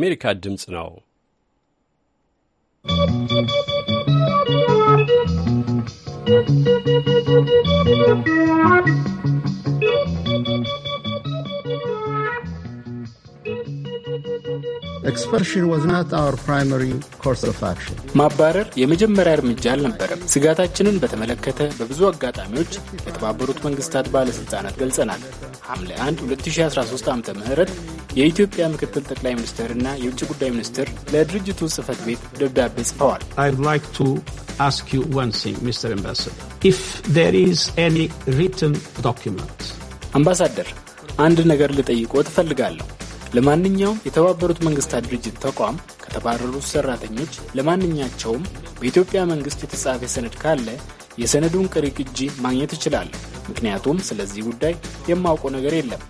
የአሜሪካ ድምፅ ነው። ¶¶ ኤክስፐርሽን ዋዝ ናት አወር ፕራይመሪ ኮርስ ኦፍ አክሽን። ማባረር የመጀመሪያ እርምጃ አልነበረም። ስጋታችንን በተመለከተ በብዙ አጋጣሚዎች ለተባበሩት መንግስታት ባለሥልጣናት ገልጸናል። ሐምሌ 1 2013 ዓ ም የኢትዮጵያ ምክትል ጠቅላይ ሚኒስትርና የውጭ ጉዳይ ሚኒስትር ለድርጅቱ ጽህፈት ቤት ደብዳቤ ጽፈዋል። ask you one thing, Mr. Ambassador. If there is any written document. አምባሳደር አንድ ነገር ልጠይቆ ትፈልጋለሁ ለማንኛውም የተባበሩት መንግስታት ድርጅት ተቋም ከተባረሩት ሰራተኞች ለማንኛቸውም በኢትዮጵያ መንግስት የተጻፈ ሰነድ ካለ የሰነዱን ቅሪ ቅጂ ማግኘት ይችላል። ምክንያቱም ስለዚህ ጉዳይ የማውቀው ነገር የለም።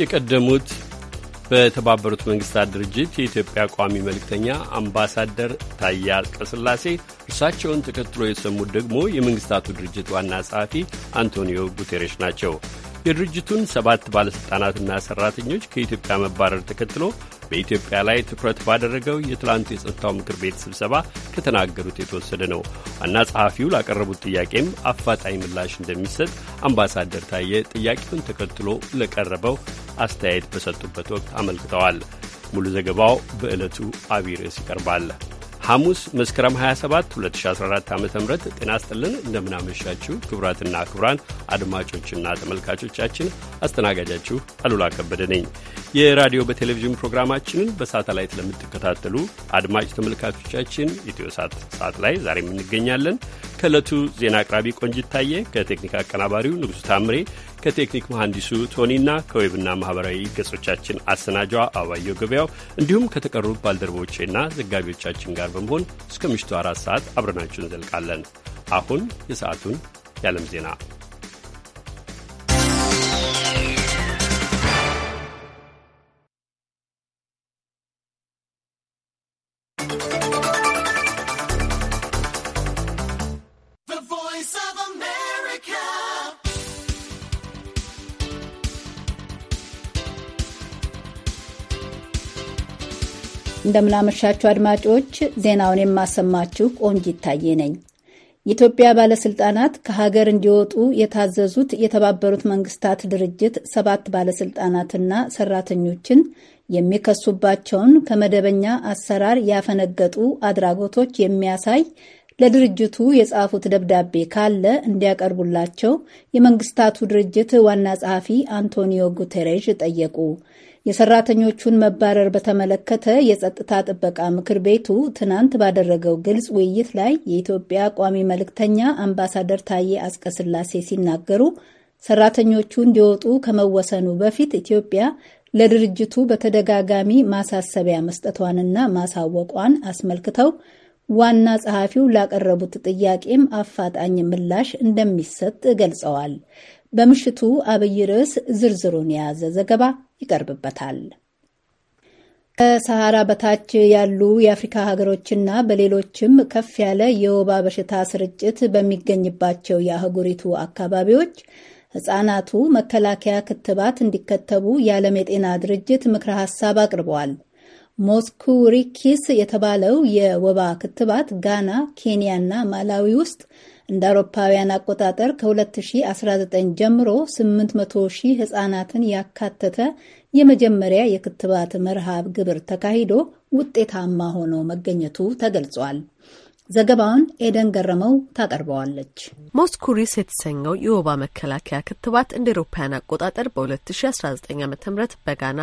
የቀደሙት በተባበሩት መንግስታት ድርጅት የኢትዮጵያ ቋሚ መልእክተኛ አምባሳደር ታዬ አጽቀሥላሴ፣ እርሳቸውን ተከትሎ የተሰሙት ደግሞ የመንግስታቱ ድርጅት ዋና ጸሐፊ አንቶኒዮ ጉቴሬሽ ናቸው። የድርጅቱን ሰባት ባለሥልጣናትና ሠራተኞች ከኢትዮጵያ መባረር ተከትሎ በኢትዮጵያ ላይ ትኩረት ባደረገው የትላንቱ የጸጥታው ምክር ቤት ስብሰባ ከተናገሩት የተወሰደ ነው። ዋና ጸሐፊው ላቀረቡት ጥያቄም አፋጣኝ ምላሽ እንደሚሰጥ አምባሳደር ታየ ጥያቄውን ተከትሎ ለቀረበው አስተያየት በሰጡበት ወቅት አመልክተዋል። ሙሉ ዘገባው በዕለቱ አቢይ ርዕስ ይቀርባል። ሐሙስ መስከረም 27 2014 ዓ ም ጤና ስጥልን። እንደምናመሻችሁ ክቡራትና ክቡራን አድማጮችና ተመልካቾቻችን አስተናጋጃችሁ አሉላ ከበደ ነኝ። የራዲዮ በቴሌቪዥን ፕሮግራማችንን በሳተላይት ለምትከታተሉ አድማጭ ተመልካቾቻችን ኢትዮሳት ሳት ላይ ዛሬም እንገኛለን። ከዕለቱ ዜና አቅራቢ ቆንጅት ታየ፣ ከቴክኒክ አቀናባሪው ንጉሥ ታምሬ ከቴክኒክ መሐንዲሱ ቶኒና ከዌብና ማኅበራዊ ገጾቻችን አሰናጇ አባየው ገበያው እንዲሁም ከተቀሩ ባልደረቦቼና ዘጋቢዎቻችን ጋር በመሆን እስከ ምሽቱ አራት ሰዓት አብረናችሁ እንዘልቃለን። አሁን የሰዓቱን የዓለም ዜና እንደምናመሻችሁ አድማጮች፣ ዜናውን የማሰማችሁ ቆንጅ ይታየ ነኝ። የኢትዮጵያ ባለስልጣናት ከሀገር እንዲወጡ የታዘዙት የተባበሩት መንግስታት ድርጅት ሰባት ባለስልጣናትና ሰራተኞችን የሚከሱባቸውን ከመደበኛ አሰራር ያፈነገጡ አድራጎቶች የሚያሳይ ለድርጅቱ የጻፉት ደብዳቤ ካለ እንዲያቀርቡላቸው የመንግስታቱ ድርጅት ዋና ጸሐፊ አንቶኒዮ ጉቴሬዥ ጠየቁ። የሰራተኞቹን መባረር በተመለከተ የጸጥታ ጥበቃ ምክር ቤቱ ትናንት ባደረገው ግልጽ ውይይት ላይ የኢትዮጵያ ቋሚ መልእክተኛ አምባሳደር ታዬ አጽቀሥላሴ ሲናገሩ ሰራተኞቹ እንዲወጡ ከመወሰኑ በፊት ኢትዮጵያ ለድርጅቱ በተደጋጋሚ ማሳሰቢያ መስጠቷንና ማሳወቋን አስመልክተው ዋና ጸሐፊው ላቀረቡት ጥያቄም አፋጣኝ ምላሽ እንደሚሰጥ ገልጸዋል። በምሽቱ አብይ ርዕስ ዝርዝሩን የያዘ ዘገባ ይቀርብበታል። ከሰሃራ በታች ያሉ የአፍሪካ ሀገሮችና በሌሎችም ከፍ ያለ የወባ በሽታ ስርጭት በሚገኝባቸው የአህጉሪቱ አካባቢዎች ሕፃናቱ መከላከያ ክትባት እንዲከተቡ የዓለም የጤና ድርጅት ምክረ ሀሳብ አቅርበዋል። ሞስኩሪኪስ የተባለው የወባ ክትባት ጋና፣ ኬንያና ማላዊ ውስጥ እንደ አውሮፓውያን አቆጣጠር ከ2019 ጀምሮ 800 ሺህ ህጻናትን ያካተተ የመጀመሪያ የክትባት መርሃብ ግብር ተካሂዶ ውጤታማ ሆኖ መገኘቱ ተገልጿል። ዘገባውን ኤደን ገረመው ታቀርበዋለች። ሞስኩሪስ የተሰኘው የወባ መከላከያ ክትባት እንደ ኤሮፓያን አቆጣጠር በ2019 ዓ ም በጋና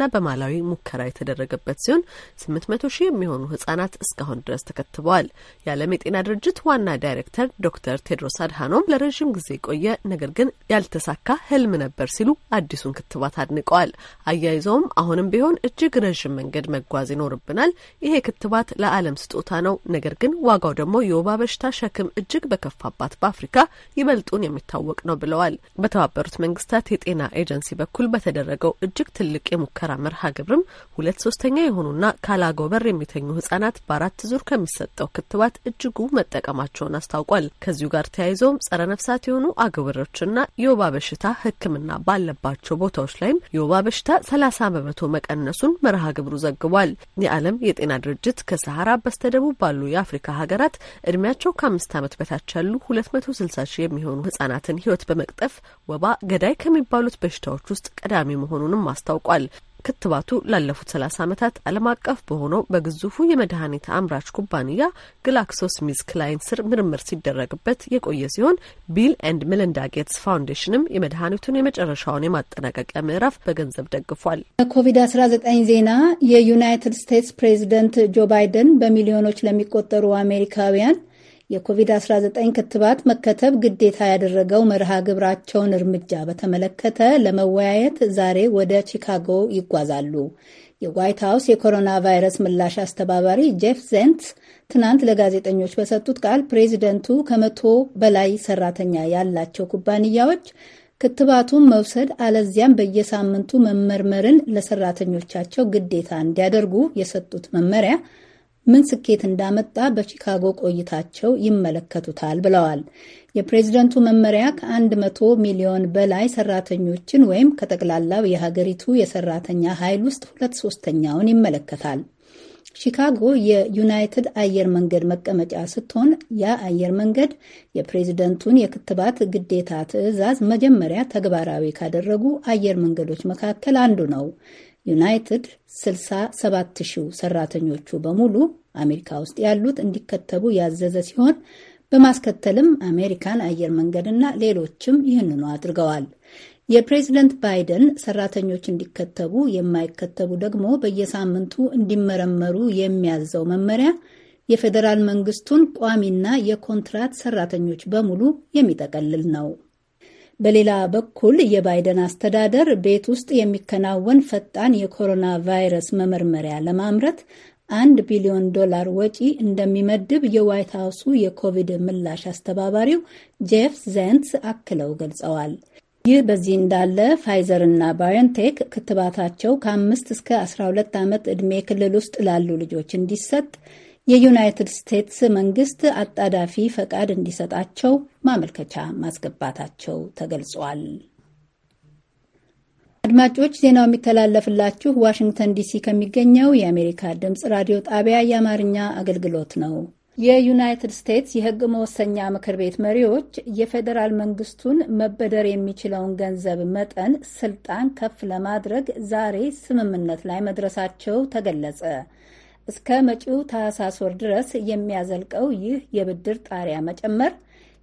ና በማላዊ ሙከራ የተደረገበት ሲሆን 800 ሺህ የሚሆኑ ህጻናት እስካሁን ድረስ ተከትበዋል። የዓለም የጤና ድርጅት ዋና ዳይሬክተር ዶክተር ቴድሮስ አድሃኖም ለረዥም ጊዜ የቆየ ነገር ግን ያልተሳካ ህልም ነበር ሲሉ አዲሱን ክትባት አድንቀዋል። አያይዘውም አሁንም ቢሆን እጅግ ረዥም መንገድ መጓዝ ይኖርብናል። ይሄ ክትባት ለዓለም ስጦታ ነው ነገር ግን ዋጋው ደግሞ የወባ በሽታ ሸክም እጅግ በከፋባት በአፍሪካ ይበልጡን የሚታወቅ ነው ብለዋል። በተባበሩት መንግስታት የጤና ኤጀንሲ በኩል በተደረገው እጅግ ትልቅ የሙከራ መርሃ ግብርም ሁለት ሶስተኛ የሆኑና ካላጎበር የሚተኙ ህጻናት በአራት ዙር ከሚሰጠው ክትባት እጅጉ መጠቀማቸውን አስታውቋል። ከዚሁ ጋር ተያይዘውም ጸረ ነፍሳት የሆኑ አጎበሮችና የወባ በሽታ ህክምና ባለባቸው ቦታዎች ላይም የወባ በሽታ ሰላሳ በመቶ መቀነሱን መርሃ ግብሩ ዘግቧል። የዓለም የጤና ድርጅት ከሰሃራ በስተደቡብ ባሉ የአፍሪካ ሀገራት እድሜያቸው ከአምስት ዓመት በታች ያሉ ሁለት መቶ ስልሳ ሺህ የሚሆኑ ህጻናትን ህይወት በመቅጠፍ ወባ ገዳይ ከሚባሉት በሽታዎች ውስጥ ቀዳሚ መሆኑንም አስታውቋል። ክትባቱ ላለፉት ሰላሳ ዓመታት ዓለም አቀፍ በሆነው በግዙፉ የመድኃኒት አምራች ኩባንያ ግላክሶስ ሚዝ ክላይን ስር ምርምር ሲደረግበት የቆየ ሲሆን ቢል ኤንድ ሜሊንዳ ጌትስ ፋውንዴሽንም የመድኃኒቱን የመጨረሻውን የማጠናቀቂያ ምዕራፍ በገንዘብ ደግፏል ኮቪድ በኮቪድ-19 ዜና የዩናይትድ ስቴትስ ፕሬዚደንት ጆ ባይደን በሚሊዮኖች ለሚቆጠሩ አሜሪካውያን የኮቪድ-19 ክትባት መከተብ ግዴታ ያደረገው መርሃ ግብራቸውን እርምጃ በተመለከተ ለመወያየት ዛሬ ወደ ቺካጎ ይጓዛሉ። የዋይት ሀውስ የኮሮና ቫይረስ ምላሽ አስተባባሪ ጄፍ ዜንትስ ትናንት ለጋዜጠኞች በሰጡት ቃል ፕሬዚደንቱ ከመቶ በላይ ሰራተኛ ያላቸው ኩባንያዎች ክትባቱን መውሰድ አለዚያም በየሳምንቱ መመርመርን ለሰራተኞቻቸው ግዴታ እንዲያደርጉ የሰጡት መመሪያ ምን ስኬት እንዳመጣ በቺካጎ ቆይታቸው ይመለከቱታል ብለዋል። የፕሬዝደንቱ መመሪያ ከ100 ሚሊዮን በላይ ሰራተኞችን ወይም ከጠቅላላው የሀገሪቱ የሰራተኛ ኃይል ውስጥ ሁለት ሶስተኛውን ይመለከታል። ሺካጎ የዩናይትድ አየር መንገድ መቀመጫ ስትሆን ያ አየር መንገድ የፕሬዝደንቱን የክትባት ግዴታ ትዕዛዝ መጀመሪያ ተግባራዊ ካደረጉ አየር መንገዶች መካከል አንዱ ነው። ዩናይትድ 67 ሺው ሰራተኞቹ በሙሉ አሜሪካ ውስጥ ያሉት እንዲከተቡ ያዘዘ ሲሆን በማስከተልም አሜሪካን አየር መንገድና ሌሎችም ይህንኑ አድርገዋል። የፕሬዚደንት ባይደን ሰራተኞች እንዲከተቡ፣ የማይከተቡ ደግሞ በየሳምንቱ እንዲመረመሩ የሚያዘው መመሪያ የፌዴራል መንግስቱን ቋሚና የኮንትራት ሰራተኞች በሙሉ የሚጠቀልል ነው። በሌላ በኩል የባይደን አስተዳደር ቤት ውስጥ የሚከናወን ፈጣን የኮሮና ቫይረስ መመርመሪያ ለማምረት አንድ ቢሊዮን ዶላር ወጪ እንደሚመድብ የዋይት ሀውሱ የኮቪድ ምላሽ አስተባባሪው ጄፍ ዘንስ አክለው ገልጸዋል። ይህ በዚህ እንዳለ ፋይዘር እና ባዮንቴክ ክትባታቸው ከአምስት እስከ 12 ዓመት ዕድሜ ክልል ውስጥ ላሉ ልጆች እንዲሰጥ የዩናይትድ ስቴትስ መንግስት አጣዳፊ ፈቃድ እንዲሰጣቸው ማመልከቻ ማስገባታቸው ተገልጿል። አድማጮች ዜናው የሚተላለፍላችሁ ዋሽንግተን ዲሲ ከሚገኘው የአሜሪካ ድምፅ ራዲዮ ጣቢያ የአማርኛ አገልግሎት ነው። የዩናይትድ ስቴትስ የህግ መወሰኛ ምክር ቤት መሪዎች የፌዴራል መንግስቱን መበደር የሚችለውን ገንዘብ መጠን ስልጣን ከፍ ለማድረግ ዛሬ ስምምነት ላይ መድረሳቸው ተገለጸ። እስከ መጪው ታህሳስ ወር ድረስ የሚያዘልቀው ይህ የብድር ጣሪያ መጨመር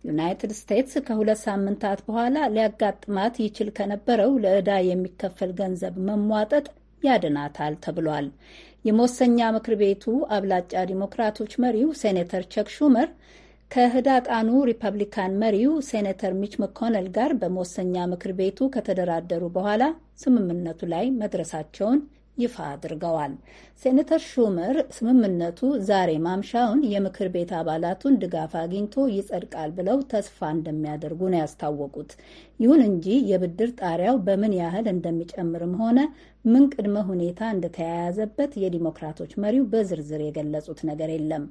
ዩናይትድ ስቴትስ ከሁለት ሳምንታት በኋላ ሊያጋጥማት ይችል ከነበረው ለዕዳ የሚከፈል ገንዘብ መሟጠጥ ያድናታል ተብሏል። የመወሰኛ ምክር ቤቱ አብላጫ ዲሞክራቶች መሪው ሴኔተር ቸክ ሹመር ከህዳጣኑ ሪፐብሊካን መሪው ሴኔተር ሚች መኮነል ጋር በመወሰኛ ምክር ቤቱ ከተደራደሩ በኋላ ስምምነቱ ላይ መድረሳቸውን ይፋ አድርገዋል። ሴኔተር ሹመር ስምምነቱ ዛሬ ማምሻውን የምክር ቤት አባላቱን ድጋፍ አግኝቶ ይጸድቃል ብለው ተስፋ እንደሚያደርጉ ነው ያስታወቁት። ይሁን እንጂ የብድር ጣሪያው በምን ያህል እንደሚጨምርም ሆነ ምን ቅድመ ሁኔታ እንደተያያዘበት የዲሞክራቶች መሪው በዝርዝር የገለጹት ነገር የለም።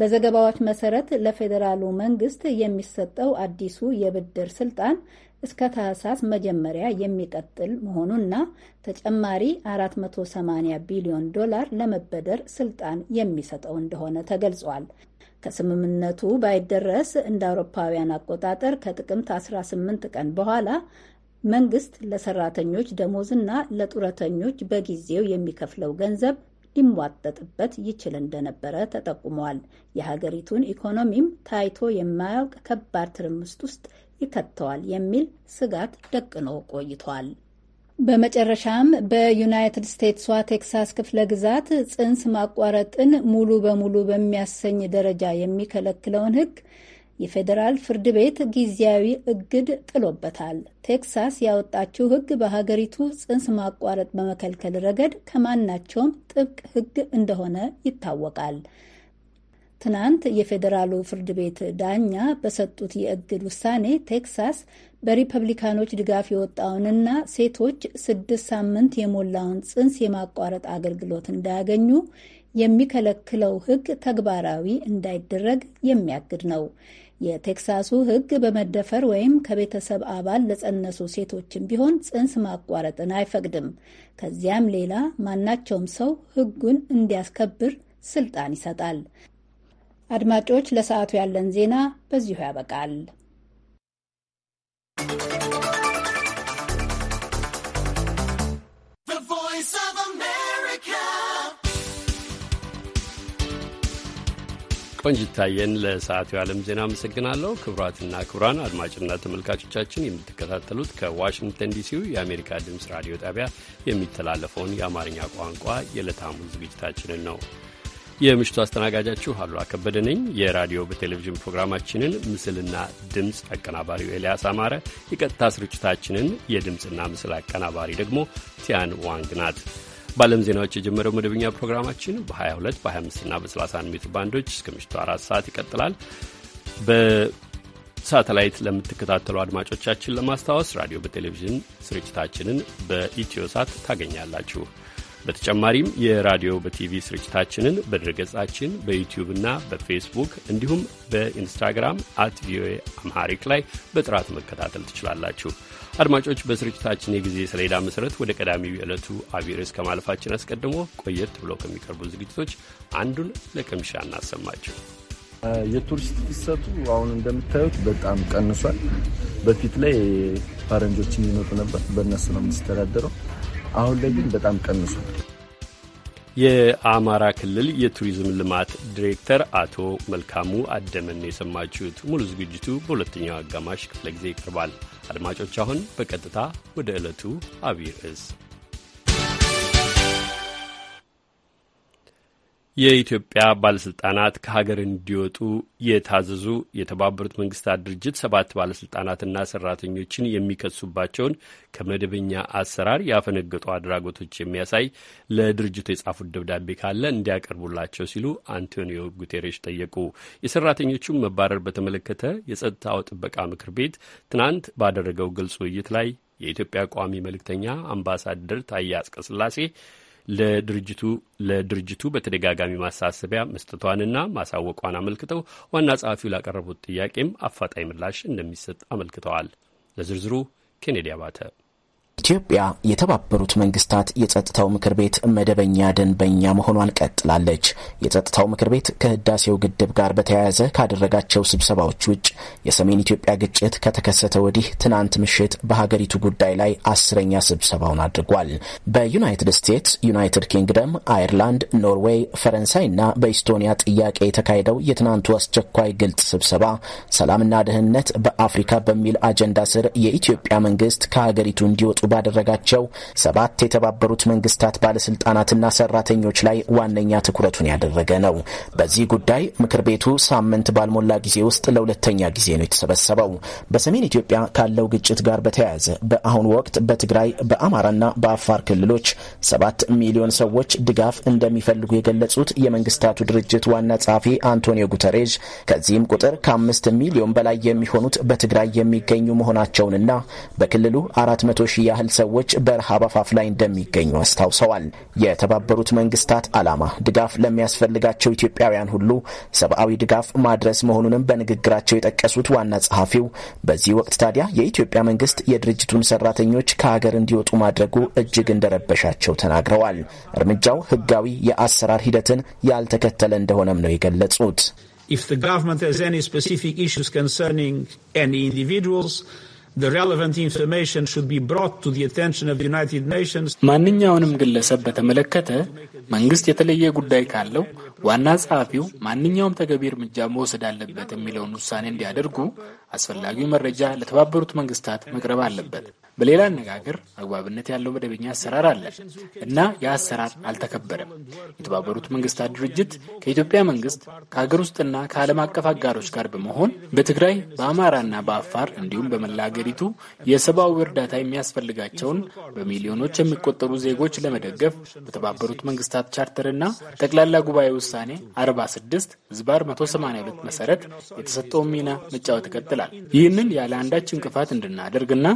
በዘገባዎች መሰረት ለፌዴራሉ መንግስት የሚሰጠው አዲሱ የብድር ስልጣን እስከ ታህሳስ መጀመሪያ የሚቀጥል መሆኑና ተጨማሪ 480 ቢሊዮን ዶላር ለመበደር ስልጣን የሚሰጠው እንደሆነ ተገልጿል። ከስምምነቱ ባይደረስ እንደ አውሮፓውያን አቆጣጠር ከጥቅምት 18 ቀን በኋላ መንግስት ለሰራተኞች ደሞዝና ለጡረተኞች በጊዜው የሚከፍለው ገንዘብ ሊሟጠጥበት ይችል እንደነበረ ተጠቁሟል። የሀገሪቱን ኢኮኖሚም ታይቶ የማያውቅ ከባድ ትርምስት ውስጥ ይከተዋል የሚል ስጋት ደቅኖ ቆይቷል። በመጨረሻም በዩናይትድ ስቴትሷ ቴክሳስ ክፍለ ግዛት ጽንስ ማቋረጥን ሙሉ በሙሉ በሚያሰኝ ደረጃ የሚከለክለውን ሕግ የፌዴራል ፍርድ ቤት ጊዜያዊ እግድ ጥሎበታል። ቴክሳስ ያወጣችው ሕግ በሀገሪቱ ጽንስ ማቋረጥ በመከልከል ረገድ ከማናቸውም ጥብቅ ሕግ እንደሆነ ይታወቃል። ትናንት የፌዴራሉ ፍርድ ቤት ዳኛ በሰጡት የእግድ ውሳኔ ቴክሳስ በሪፐብሊካኖች ድጋፍ የወጣውንና ሴቶች ስድስት ሳምንት የሞላውን ጽንስ የማቋረጥ አገልግሎት እንዳያገኙ የሚከለክለው ህግ ተግባራዊ እንዳይደረግ የሚያግድ ነው። የቴክሳሱ ሕግ በመደፈር ወይም ከቤተሰብ አባል ለጸነሱ ሴቶችም ቢሆን ጽንስ ማቋረጥን አይፈቅድም። ከዚያም ሌላ ማናቸውም ሰው ሕጉን እንዲያስከብር ስልጣን ይሰጣል። አድማጮች፣ ለሰዓቱ ያለን ዜና በዚሁ ያበቃል። ቆንጅታየን ለሰዓቱ የዓለም ዜና አመሰግናለሁ። ክቡራትና ክቡራን አድማጭና ተመልካቾቻችን የምትከታተሉት ከዋሽንግተን ዲሲው የአሜሪካ ድምፅ ራዲዮ ጣቢያ የሚተላለፈውን የአማርኛ ቋንቋ የዕለታሙ ዝግጅታችንን ነው። የምሽቱ አስተናጋጃችሁ አሉላ ከበደ ነኝ። የራዲዮ በቴሌቪዥን ፕሮግራማችንን ምስልና ድምፅ አቀናባሪው ኤልያስ አማረ፣ የቀጥታ ስርጭታችንን የድምፅና ምስል አቀናባሪ ደግሞ ቲያን ዋንግ ናት። በዓለም ዜናዎች የጀመረው መደበኛ ፕሮግራማችን በ22 25 እና በ31 ሜትር ባንዶች እስከ ምሽቱ አራት ሰዓት ይቀጥላል። በሳተላይት ለምትከታተሉ አድማጮቻችን ለማስታወስ ራዲዮ በቴሌቪዥን ስርጭታችንን በኢትዮ ሳት ታገኛላችሁ። በተጨማሪም የራዲዮ በቲቪ ስርጭታችንን በድረገጻችን በዩቲዩብ እና በፌስቡክ እንዲሁም በኢንስታግራም አት ቪኦኤ አምሃሪክ ላይ በጥራት መከታተል ትችላላችሁ። አድማጮች በስርጭታችን የጊዜ ሰሌዳ መሰረት ወደ ቀዳሚው የዕለቱ አቢሬስ ከማለፋችን አስቀድሞ ቆየት ብሎ ከሚቀርቡ ዝግጅቶች አንዱን ለቅምሻ እናሰማቸው። የቱሪስት ፍሰቱ አሁን እንደምታዩት በጣም ቀንሷል። በፊት ላይ ፈረንጆች የሚመጡ ነበር፣ በእነሱ ነው የሚስተዳደረው። አሁን ላይ ግን በጣም ቀንሷል። የአማራ ክልል የቱሪዝም ልማት ዲሬክተር አቶ መልካሙ አደመን የሰማችሁት። ሙሉ ዝግጅቱ በሁለተኛው አጋማሽ ክፍለ ጊዜ ይቀርባል። አድማጮች አሁን በቀጥታ ወደ ዕለቱ አብይ ርዕስ የኢትዮጵያ ባለስልጣናት ከሀገር እንዲወጡ የታዘዙ የተባበሩት መንግስታት ድርጅት ሰባት ባለስልጣናትና ሰራተኞችን የሚከሱባቸውን ከመደበኛ አሰራር ያፈነገጡ አድራጎቶች የሚያሳይ ለድርጅቱ የጻፉት ደብዳቤ ካለ እንዲያቀርቡላቸው ሲሉ አንቶኒዮ ጉቴሬሽ ጠየቁ። የሰራተኞቹን መባረር በተመለከተ የጸጥታው ጥበቃ ምክር ቤት ትናንት ባደረገው ግልጽ ውይይት ላይ የኢትዮጵያ ቋሚ መልእክተኛ አምባሳደር ታዬ አጽቀሥላሴ ለድርጅቱ ለድርጅቱ በተደጋጋሚ ማሳሰቢያ መስጠቷንና ማሳወቋን አመልክተው ዋና ጸሐፊው ላቀረቡት ጥያቄም አፋጣኝ ምላሽ እንደሚሰጥ አመልክተዋል። ለዝርዝሩ ኬኔዲ አባተ ኢትዮጵያ የተባበሩት መንግስታት የጸጥታው ምክር ቤት መደበኛ ደንበኛ መሆኗን ቀጥላለች። የጸጥታው ምክር ቤት ከህዳሴው ግድብ ጋር በተያያዘ ካደረጋቸው ስብሰባዎች ውጭ የሰሜን ኢትዮጵያ ግጭት ከተከሰተ ወዲህ ትናንት ምሽት በሀገሪቱ ጉዳይ ላይ አስረኛ ስብሰባውን አድርጓል። በዩናይትድ ስቴትስ፣ ዩናይትድ ኪንግደም፣ አይርላንድ፣ ኖርዌይ፣ ፈረንሳይና በኢስቶኒያ ጥያቄ የተካሄደው የትናንቱ አስቸኳይ ግልጽ ስብሰባ ሰላምና ደህንነት በአፍሪካ በሚል አጀንዳ ስር የኢትዮጵያ መንግስት ከሀገሪቱ እንዲወጡ ባደረጋቸው ሰባት የተባበሩት መንግስታት ባለስልጣናትና ሰራተኞች ላይ ዋነኛ ትኩረቱን ያደረገ ነው። በዚህ ጉዳይ ምክር ቤቱ ሳምንት ባልሞላ ጊዜ ውስጥ ለሁለተኛ ጊዜ ነው የተሰበሰበው። በሰሜን ኢትዮጵያ ካለው ግጭት ጋር በተያያዘ በአሁኑ ወቅት በትግራይ በአማራና በአፋር ክልሎች ሰባት ሚሊዮን ሰዎች ድጋፍ እንደሚፈልጉ የገለጹት የመንግስታቱ ድርጅት ዋና ጸሐፊ አንቶኒዮ ጉተሬዥ ከዚህም ቁጥር ከአምስት ሚሊዮን በላይ የሚሆኑት በትግራይ የሚገኙ መሆናቸውንና በክልሉ አራት መቶ ሺህ ያህል ሰዎች በረሃብ አፋፍ ላይ እንደሚገኙ አስታውሰዋል። የተባበሩት መንግስታት ዓላማ ድጋፍ ለሚያስፈልጋቸው ኢትዮጵያውያን ሁሉ ሰብአዊ ድጋፍ ማድረስ መሆኑንም በንግግራቸው የጠቀሱት ዋና ጸሐፊው በዚህ ወቅት ታዲያ የኢትዮጵያ መንግስት የድርጅቱን ሰራተኞች ከሀገር እንዲወጡ ማድረጉ እጅግ እንደረበሻቸው ተናግረዋል። እርምጃው ህጋዊ የአሰራር ሂደትን ያልተከተለ እንደሆነም ነው የገለጹት። If the government has any specific issues concerning any individuals, ማንኛውንም ግለሰብ በተመለከተ መንግስት የተለየ ጉዳይ ካለው ዋና ጸሐፊው ማንኛውም ተገቢ እርምጃ መውሰድ አለበት የሚለውን ውሳኔ እንዲያደርጉ አስፈላጊው መረጃ ለተባበሩት መንግስታት መቅረብ አለበት። በሌላ አነጋገር አግባብነት ያለው መደበኛ አሰራር አለ እና ያ አሰራር አልተከበረም። የተባበሩት መንግስታት ድርጅት ከኢትዮጵያ መንግስት ከሀገር ውስጥና ከዓለም አቀፍ አጋሮች ጋር በመሆን በትግራይ በአማራና በአፋር እንዲሁም በመላ አገሪቱ የሰብአዊ እርዳታ የሚያስፈልጋቸውን በሚሊዮኖች የሚቆጠሩ ዜጎች ለመደገፍ በተባበሩት መንግስታት ቻርተርና ጠቅላላ ጉባኤ ውሳኔ 46 ዝባር 182 መሰረት የተሰጠውን ሚና መጫወት ይቀጥላል። ይህንን ያለ አንዳች እንቅፋት እንድናደርግና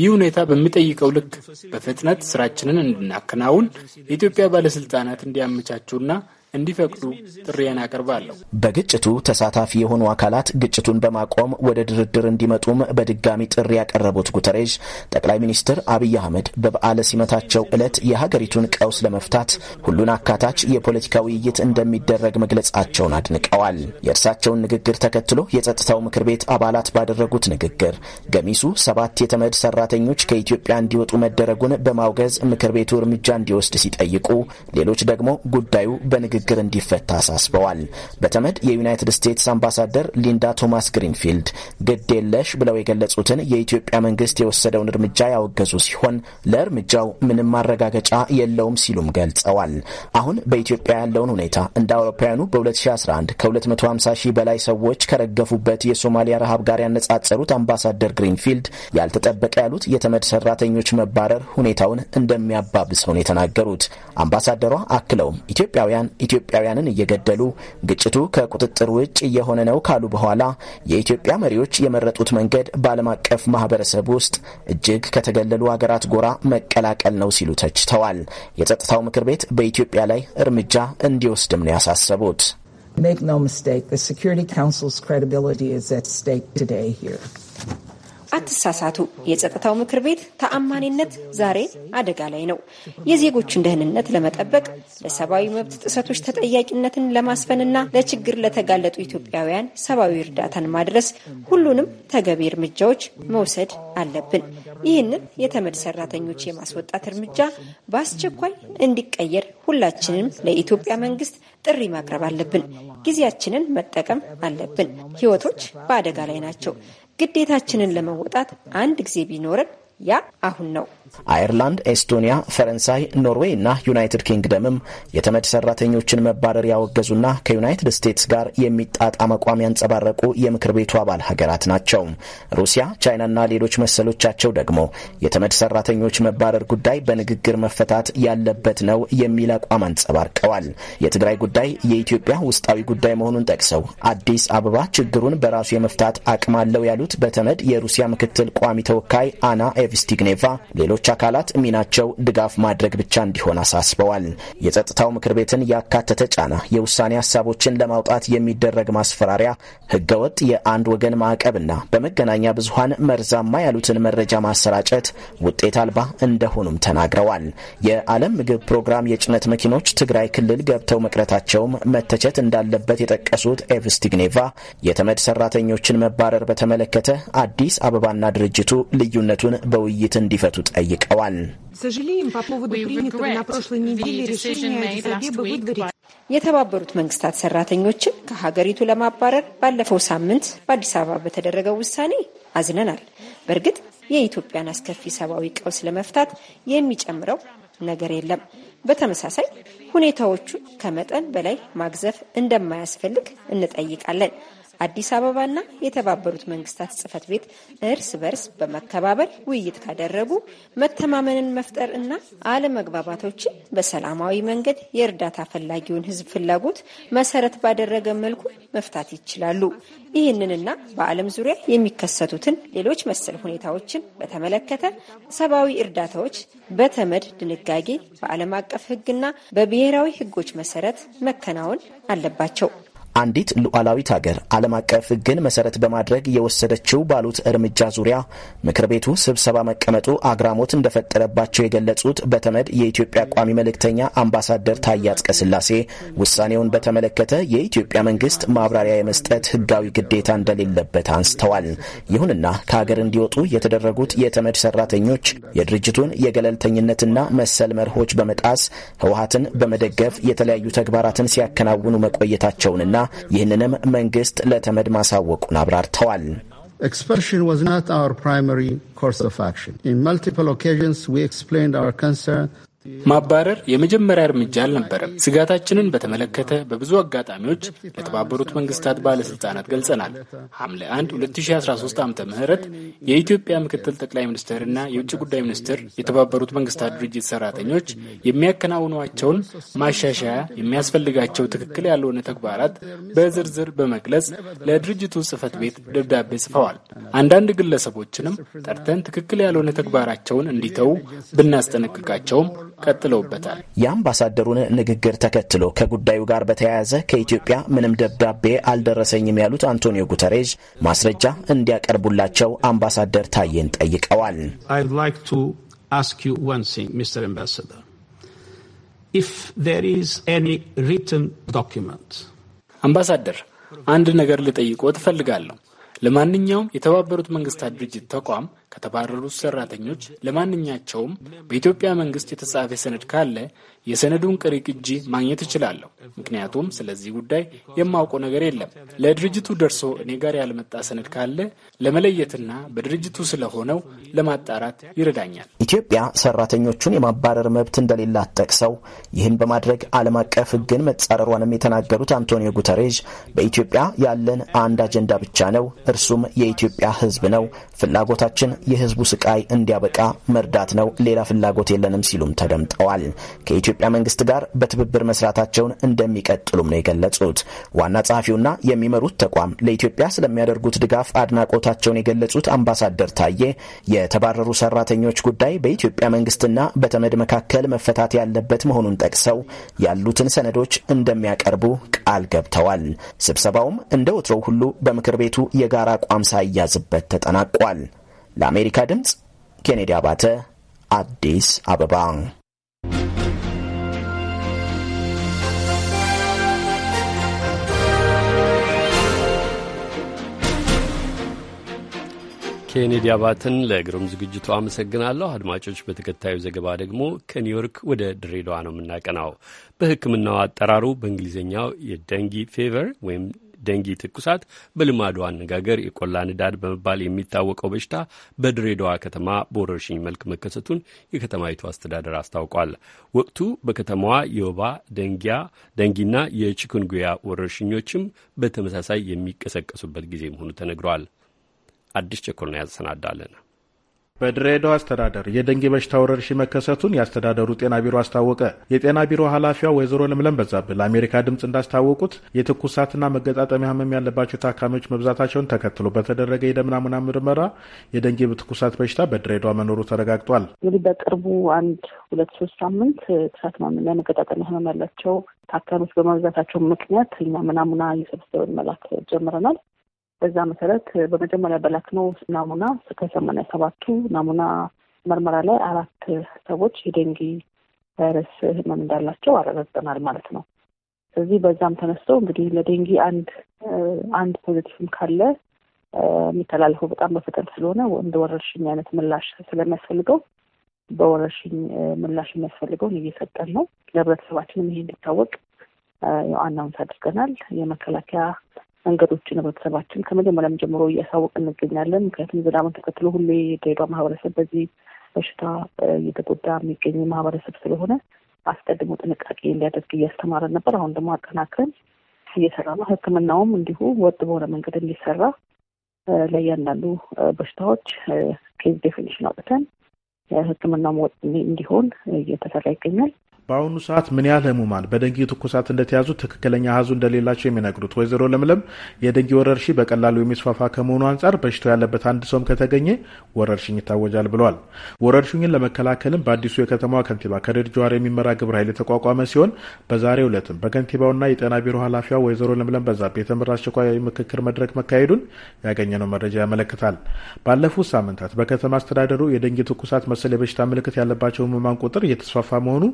ይህ ሁኔታ በሚጠይቀው ልክ በፍጥነት ስራችንን እንድናከናውን የኢትዮጵያ ባለስልጣናት እንዲያመቻቹና እንዲፈቅዱ ጥሪዬን አቀርባለሁ። በግጭቱ ተሳታፊ የሆኑ አካላት ግጭቱን በማቆም ወደ ድርድር እንዲመጡም በድጋሚ ጥሪ ያቀረቡት ጉተሬዥ ጠቅላይ ሚኒስትር አብይ አህመድ በበዓለ ሲመታቸው ዕለት የሀገሪቱን ቀውስ ለመፍታት ሁሉን አካታች የፖለቲካ ውይይት እንደሚደረግ መግለጻቸውን አድንቀዋል። የእርሳቸውን ንግግር ተከትሎ የጸጥታው ምክር ቤት አባላት ባደረጉት ንግግር ገሚሱ ሰባት የተመድ ሰራተኞች ከኢትዮጵያ እንዲወጡ መደረጉን በማውገዝ ምክር ቤቱ እርምጃ እንዲወስድ ሲጠይቁ፣ ሌሎች ደግሞ ጉዳዩ በንግግር ችግር እንዲፈታ አሳስበዋል። በተመድ የዩናይትድ ስቴትስ አምባሳደር ሊንዳ ቶማስ ግሪንፊልድ ግድ የለሽ ብለው የገለጹትን የኢትዮጵያ መንግስት የወሰደውን እርምጃ ያወገዙ ሲሆን ለእርምጃው ምንም ማረጋገጫ የለውም ሲሉም ገልጸዋል። አሁን በኢትዮጵያ ያለውን ሁኔታ እንደ አውሮፓውያኑ በ2011 ከ250 ሺህ በላይ ሰዎች ከረገፉበት የሶማሊያ ረሃብ ጋር ያነጻጸሩት አምባሳደር ግሪንፊልድ ያልተጠበቀ ያሉት የተመድ ሰራተኞች መባረር ሁኔታውን እንደሚያባብሰው ነው የተናገሩት። አምባሳደሯ አክለውም ኢትዮጵያውያን ኢትዮጵያውያንን እየገደሉ ግጭቱ ከቁጥጥር ውጭ እየሆነ ነው ካሉ በኋላ የኢትዮጵያ መሪዎች የመረጡት መንገድ በዓለም አቀፍ ማህበረሰብ ውስጥ እጅግ ከተገለሉ ሀገራት ጎራ መቀላቀል ነው ሲሉ ተችተዋል። የጸጥታው ምክር ቤት በኢትዮጵያ ላይ እርምጃ እንዲወስድም ነው ያሳሰቡት። Make no mistake, the Security Council's credibility is at stake today here. አትሳሳቱ፣ የጸጥታው ምክር ቤት ተአማኒነት ዛሬ አደጋ ላይ ነው። የዜጎችን ደህንነት ለመጠበቅ ለሰብአዊ መብት ጥሰቶች ተጠያቂነትን ለማስፈንና ለችግር ለተጋለጡ ኢትዮጵያውያን ሰብአዊ እርዳታን ማድረስ ሁሉንም ተገቢ እርምጃዎች መውሰድ አለብን። ይህንን የተመድ ሰራተኞች የማስወጣት እርምጃ በአስቸኳይ እንዲቀየር ሁላችንም ለኢትዮጵያ መንግስት ጥሪ ማቅረብ አለብን። ጊዜያችንን መጠቀም አለብን። ህይወቶች በአደጋ ላይ ናቸው። ግዴታችንን ለመወጣት አንድ ጊዜ ቢኖረን ያ አሁን ነው። አየርላንድ፣ ኤስቶኒያ፣ ፈረንሳይ፣ ኖርዌይ እና ዩናይትድ ኪንግደምም የተመድ ሰራተኞችን መባረር ያወገዙና ከዩናይትድ ስቴትስ ጋር የሚጣጣም አቋም ያንጸባረቁ የምክር ቤቱ አባል ሀገራት ናቸው። ሩሲያ፣ ቻይናና ሌሎች መሰሎቻቸው ደግሞ የተመድ ሰራተኞች መባረር ጉዳይ በንግግር መፈታት ያለበት ነው የሚል አቋም አንጸባርቀዋል። የትግራይ ጉዳይ የኢትዮጵያ ውስጣዊ ጉዳይ መሆኑን ጠቅሰው አዲስ አበባ ችግሩን በራሱ የመፍታት አቅም አለው ያሉት በተመድ የሩሲያ ምክትል ቋሚ ተወካይ አና ኤቭ ስቲግኔቫ ሌሎች አካላት ሚናቸው ድጋፍ ማድረግ ብቻ እንዲሆን አሳስበዋል። የጸጥታው ምክር ቤትን ያካተተ ጫና፣ የውሳኔ ሀሳቦችን ለማውጣት የሚደረግ ማስፈራሪያ፣ ህገወጥ የአንድ ወገን ማዕቀብና በመገናኛ ብዙሀን መርዛማ ያሉትን መረጃ ማሰራጨት ውጤት አልባ እንደሆኑም ተናግረዋል። የዓለም ምግብ ፕሮግራም የጭነት መኪኖች ትግራይ ክልል ገብተው መቅረታቸውም መተቸት እንዳለበት የጠቀሱት ኤቭስቲግኔቫ የተመድ ሰራተኞችን መባረር በተመለከተ አዲስ አበባና ድርጅቱ ልዩነቱን በውይይት እንዲፈቱ ጠይቀዋል። የተባበሩት መንግስታት ሰራተኞችን ከሀገሪቱ ለማባረር ባለፈው ሳምንት በአዲስ አበባ በተደረገው ውሳኔ አዝነናል። በእርግጥ የኢትዮጵያን አስከፊ ሰብአዊ ቀውስ ለመፍታት የሚጨምረው ነገር የለም። በተመሳሳይ ሁኔታዎቹ ከመጠን በላይ ማግዘፍ እንደማያስፈልግ እንጠይቃለን። አዲስ አበባና የተባበሩት መንግስታት ጽህፈት ቤት እርስ በርስ በመከባበር ውይይት ካደረጉ መተማመንን መፍጠር እና አለመግባባቶችን በሰላማዊ መንገድ የእርዳታ ፈላጊውን ህዝብ ፍላጎት መሰረት ባደረገ መልኩ መፍታት ይችላሉ። ይህንንና በዓለም ዙሪያ የሚከሰቱትን ሌሎች መሰል ሁኔታዎችን በተመለከተ ሰብአዊ እርዳታዎች በተመድ ድንጋጌ በዓለም አቀፍ ህግና በብሔራዊ ህጎች መሰረት መከናወን አለባቸው። አንዲት ሉዓላዊት ሀገር ዓለም አቀፍ ሕግን መሰረት በማድረግ የወሰደችው ባሉት እርምጃ ዙሪያ ምክር ቤቱ ስብሰባ መቀመጡ አግራሞት እንደፈጠረባቸው የገለጹት በተመድ የኢትዮጵያ ቋሚ መልእክተኛ አምባሳደር ታዬ አጽቀሥላሴ ውሳኔውን በተመለከተ የኢትዮጵያ መንግስት ማብራሪያ የመስጠት ህጋዊ ግዴታ እንደሌለበት አንስተዋል። ይሁንና ከሀገር እንዲወጡ የተደረጉት የተመድ ሰራተኞች የድርጅቱን የገለልተኝነትና መሰል መርሆች በመጣስ ህወሀትን በመደገፍ የተለያዩ ተግባራትን ሲያከናውኑ መቆየታቸውንና ይህንንም መንግስት ለተመድ ማሳወቁን አብራርተዋል። Expulsion was not our primary course of action. In multiple occasions, we explained our concern ማባረር የመጀመሪያ እርምጃ አልነበረም። ስጋታችንን በተመለከተ በብዙ አጋጣሚዎች ለተባበሩት መንግስታት ባለስልጣናት ገልጸናል። ሐምሌ 1 2013 ዓ ም የኢትዮጵያ ምክትል ጠቅላይ ሚኒስትርና የውጭ ጉዳይ ሚኒስትር የተባበሩት መንግስታት ድርጅት ሰራተኞች የሚያከናውኗቸውን ማሻሻያ የሚያስፈልጋቸው ትክክል ያልሆነ ተግባራት በዝርዝር በመግለጽ ለድርጅቱ ጽህፈት ቤት ደብዳቤ ጽፈዋል። አንዳንድ ግለሰቦችንም ጠርተን ትክክል ያልሆነ ተግባራቸውን እንዲተዉ ብናስጠነቅቃቸውም ቀጥለውበታል። የአምባሳደሩን ንግግር ተከትሎ ከጉዳዩ ጋር በተያያዘ ከኢትዮጵያ ምንም ደብዳቤ አልደረሰኝም ያሉት አንቶኒዮ ጉተሬዥ ማስረጃ እንዲያቀርቡላቸው አምባሳደር ታዬን ጠይቀዋል። አምባሳደር አንድ ነገር ልጠይቆ ትፈልጋለሁ ለማንኛውም የተባበሩት መንግስታት ድርጅት ተቋም ከተባረሩት ሰራተኞች ለማንኛቸውም በኢትዮጵያ መንግስት የተጻፈ ሰነድ ካለ የሰነዱን ቅሪ ቅጂ ማግኘት እችላለሁ። ምክንያቱም ስለዚህ ጉዳይ የማውቀው ነገር የለም። ለድርጅቱ ደርሶ እኔ ጋር ያልመጣ ሰነድ ካለ ለመለየትና በድርጅቱ ስለሆነው ለማጣራት ይረዳኛል። ኢትዮጵያ ሰራተኞቹን የማባረር መብት እንደሌላት ጠቅሰው ይህን በማድረግ ዓለም አቀፍ ሕግን መጻረሯንም የተናገሩት አንቶኒዮ ጉተሬዥ በኢትዮጵያ ያለን አንድ አጀንዳ ብቻ ነው፣ እርሱም የኢትዮጵያ ሕዝብ ነው። ፍላጎታችን የህዝቡ ስቃይ እንዲያበቃ መርዳት ነው፣ ሌላ ፍላጎት የለንም ሲሉም ተደምጠዋል። ከኢትዮጵያ መንግስት ጋር በትብብር መስራታቸውን እንደሚቀጥሉም ነው የገለጹት። ዋና ጸሐፊውና የሚመሩት ተቋም ለኢትዮጵያ ስለሚያደርጉት ድጋፍ አድናቆታቸውን የገለጹት አምባሳደር ታዬ የተባረሩ ሰራተኞች ጉዳይ በኢትዮጵያ መንግስትና በተመድ መካከል መፈታት ያለበት መሆኑን ጠቅሰው ያሉትን ሰነዶች እንደሚያቀርቡ ቃል ገብተዋል። ስብሰባውም እንደ ወትሮው ሁሉ በምክር ቤቱ የጋራ አቋም ሳይያዝበት ተጠናቋል። ለአሜሪካ ድምፅ ኬኔዲ አባተ አዲስ አበባ። ኬኔዲ አባትን ለግሩም ዝግጅቱ አመሰግናለሁ። አድማጮች፣ በተከታዩ ዘገባ ደግሞ ከኒውዮርክ ወደ ድሬዳዋ ነው የምናቀናው። በሕክምናው አጠራሩ በእንግሊዝኛው የደንጊ ፌቨር ወይም ደንጊ ትኩሳት በልማዱ አነጋገር የቆላ ንዳድ በመባል የሚታወቀው በሽታ በድሬዳዋ ከተማ በወረርሽኝ መልክ መከሰቱን የከተማይቱ አስተዳደር አስታውቋል። ወቅቱ በከተማዋ የወባ ደንጊያ ደንጊና የችኩንጉያ ወረርሽኞችም በተመሳሳይ የሚቀሰቀሱበት ጊዜ መሆኑ ተነግሯል። አዲስ ቸኮልና ያሰናዳለን። በድሬዳዋ አስተዳደር የደንጌ በሽታ ወረርሽኝ መከሰቱን የአስተዳደሩ ጤና ቢሮ አስታወቀ። የጤና ቢሮ ኃላፊዋ ወይዘሮ ለምለም በዛብህ ለአሜሪካ ድምፅ እንዳስታወቁት የትኩሳትና መገጣጠሚያ ህመም ያለባቸው ታካሚዎች መብዛታቸውን ተከትሎ በተደረገ የደም ናሙና ምርመራ የደንጌ ትኩሳት በሽታ በድሬዳዋ መኖሩ ተረጋግጧል። እንግዲህ በቅርቡ አንድ ሁለት ሶስት ሳምንት ትኩሳት ማምና መገጣጠሚያ ህመም ያላቸው ታካሚዎች በመብዛታቸው ምክንያት እኛም ናሙና እየሰበሰብን መላክ ጀምረናል። በዛ መሰረት በመጀመሪያ በላክነው ናሙና ከሰማንያ ሰባቱ ናሙና መርመራ ላይ አራት ሰዎች የደንጊ ቫይረስ ህመም እንዳላቸው አረጋግጠናል ማለት ነው። ስለዚህ በዛም ተነስቶ እንግዲህ ለደንጊ አንድ አንድ ፖዘቲቭም ካለ የሚተላለፈው በጣም በፍጥነት ስለሆነ እንደ ወረርሽኝ አይነት ምላሽ ስለሚያስፈልገው በወረርሽኝ ምላሽ የሚያስፈልገውን እየሰጠን ነው። ለህብረተሰባችንም ይሄ እንዲታወቅ አናውንስ አድርገናል። የመከላከያ መንገዶችን ህብረተሰባችን ከመጀመሪያም ጀምሮ እያሳወቅ እንገኛለን። ምክንያቱም ዝናብን ተከትሎ ሁሌ የድሬዳዋ ማህበረሰብ በዚህ በሽታ እየተጎዳ የሚገኝ ማህበረሰብ ስለሆነ አስቀድሞ ጥንቃቄ እንዲያደርግ እያስተማረን ነበር። አሁን ደግሞ አጠናክረን እየሰራ ነው። ሕክምናውም እንዲሁ ወጥ በሆነ መንገድ እንዲሰራ ለእያንዳንዱ በሽታዎች ኬዝ ዴፊኒሽን አውጥተን ሕክምናውም ወጥ እንዲሆን እየተሰራ ይገኛል። በአሁኑ ሰዓት ምን ያህል ህሙማን በደንጊ ትኩሳት እንደተያዙ ትክክለኛ ሀዙ እንደሌላቸው የሚነግሩት ወይዘሮ ለምለም የደንጊ ወረርሺ በቀላሉ የሚስፋፋ ከመሆኑ አንጻር በሽታው ያለበት አንድ ሰውም ከተገኘ ወረርሽኝ ይታወጃል ብለዋል። ወረርሽኝን ለመከላከልም በአዲሱ የከተማዋ ከንቲባ ከድር ጀዋር የሚመራ ግብረ ኃይል የተቋቋመ ሲሆን በዛሬው ዕለትም በከንቲባውና የጤና ቢሮ ኃላፊዋ ወይዘሮ ለምለም በዛብህ የተመራ አስቸኳይ ምክክር መድረክ መካሄዱን ያገኘነው መረጃ ያመለክታል። ባለፉት ሳምንታት በከተማ አስተዳደሩ የደንጊ ትኩሳት መሰል የበሽታ ምልክት ያለባቸው ህሙማን ቁጥር እየተስፋፋ መሆኑ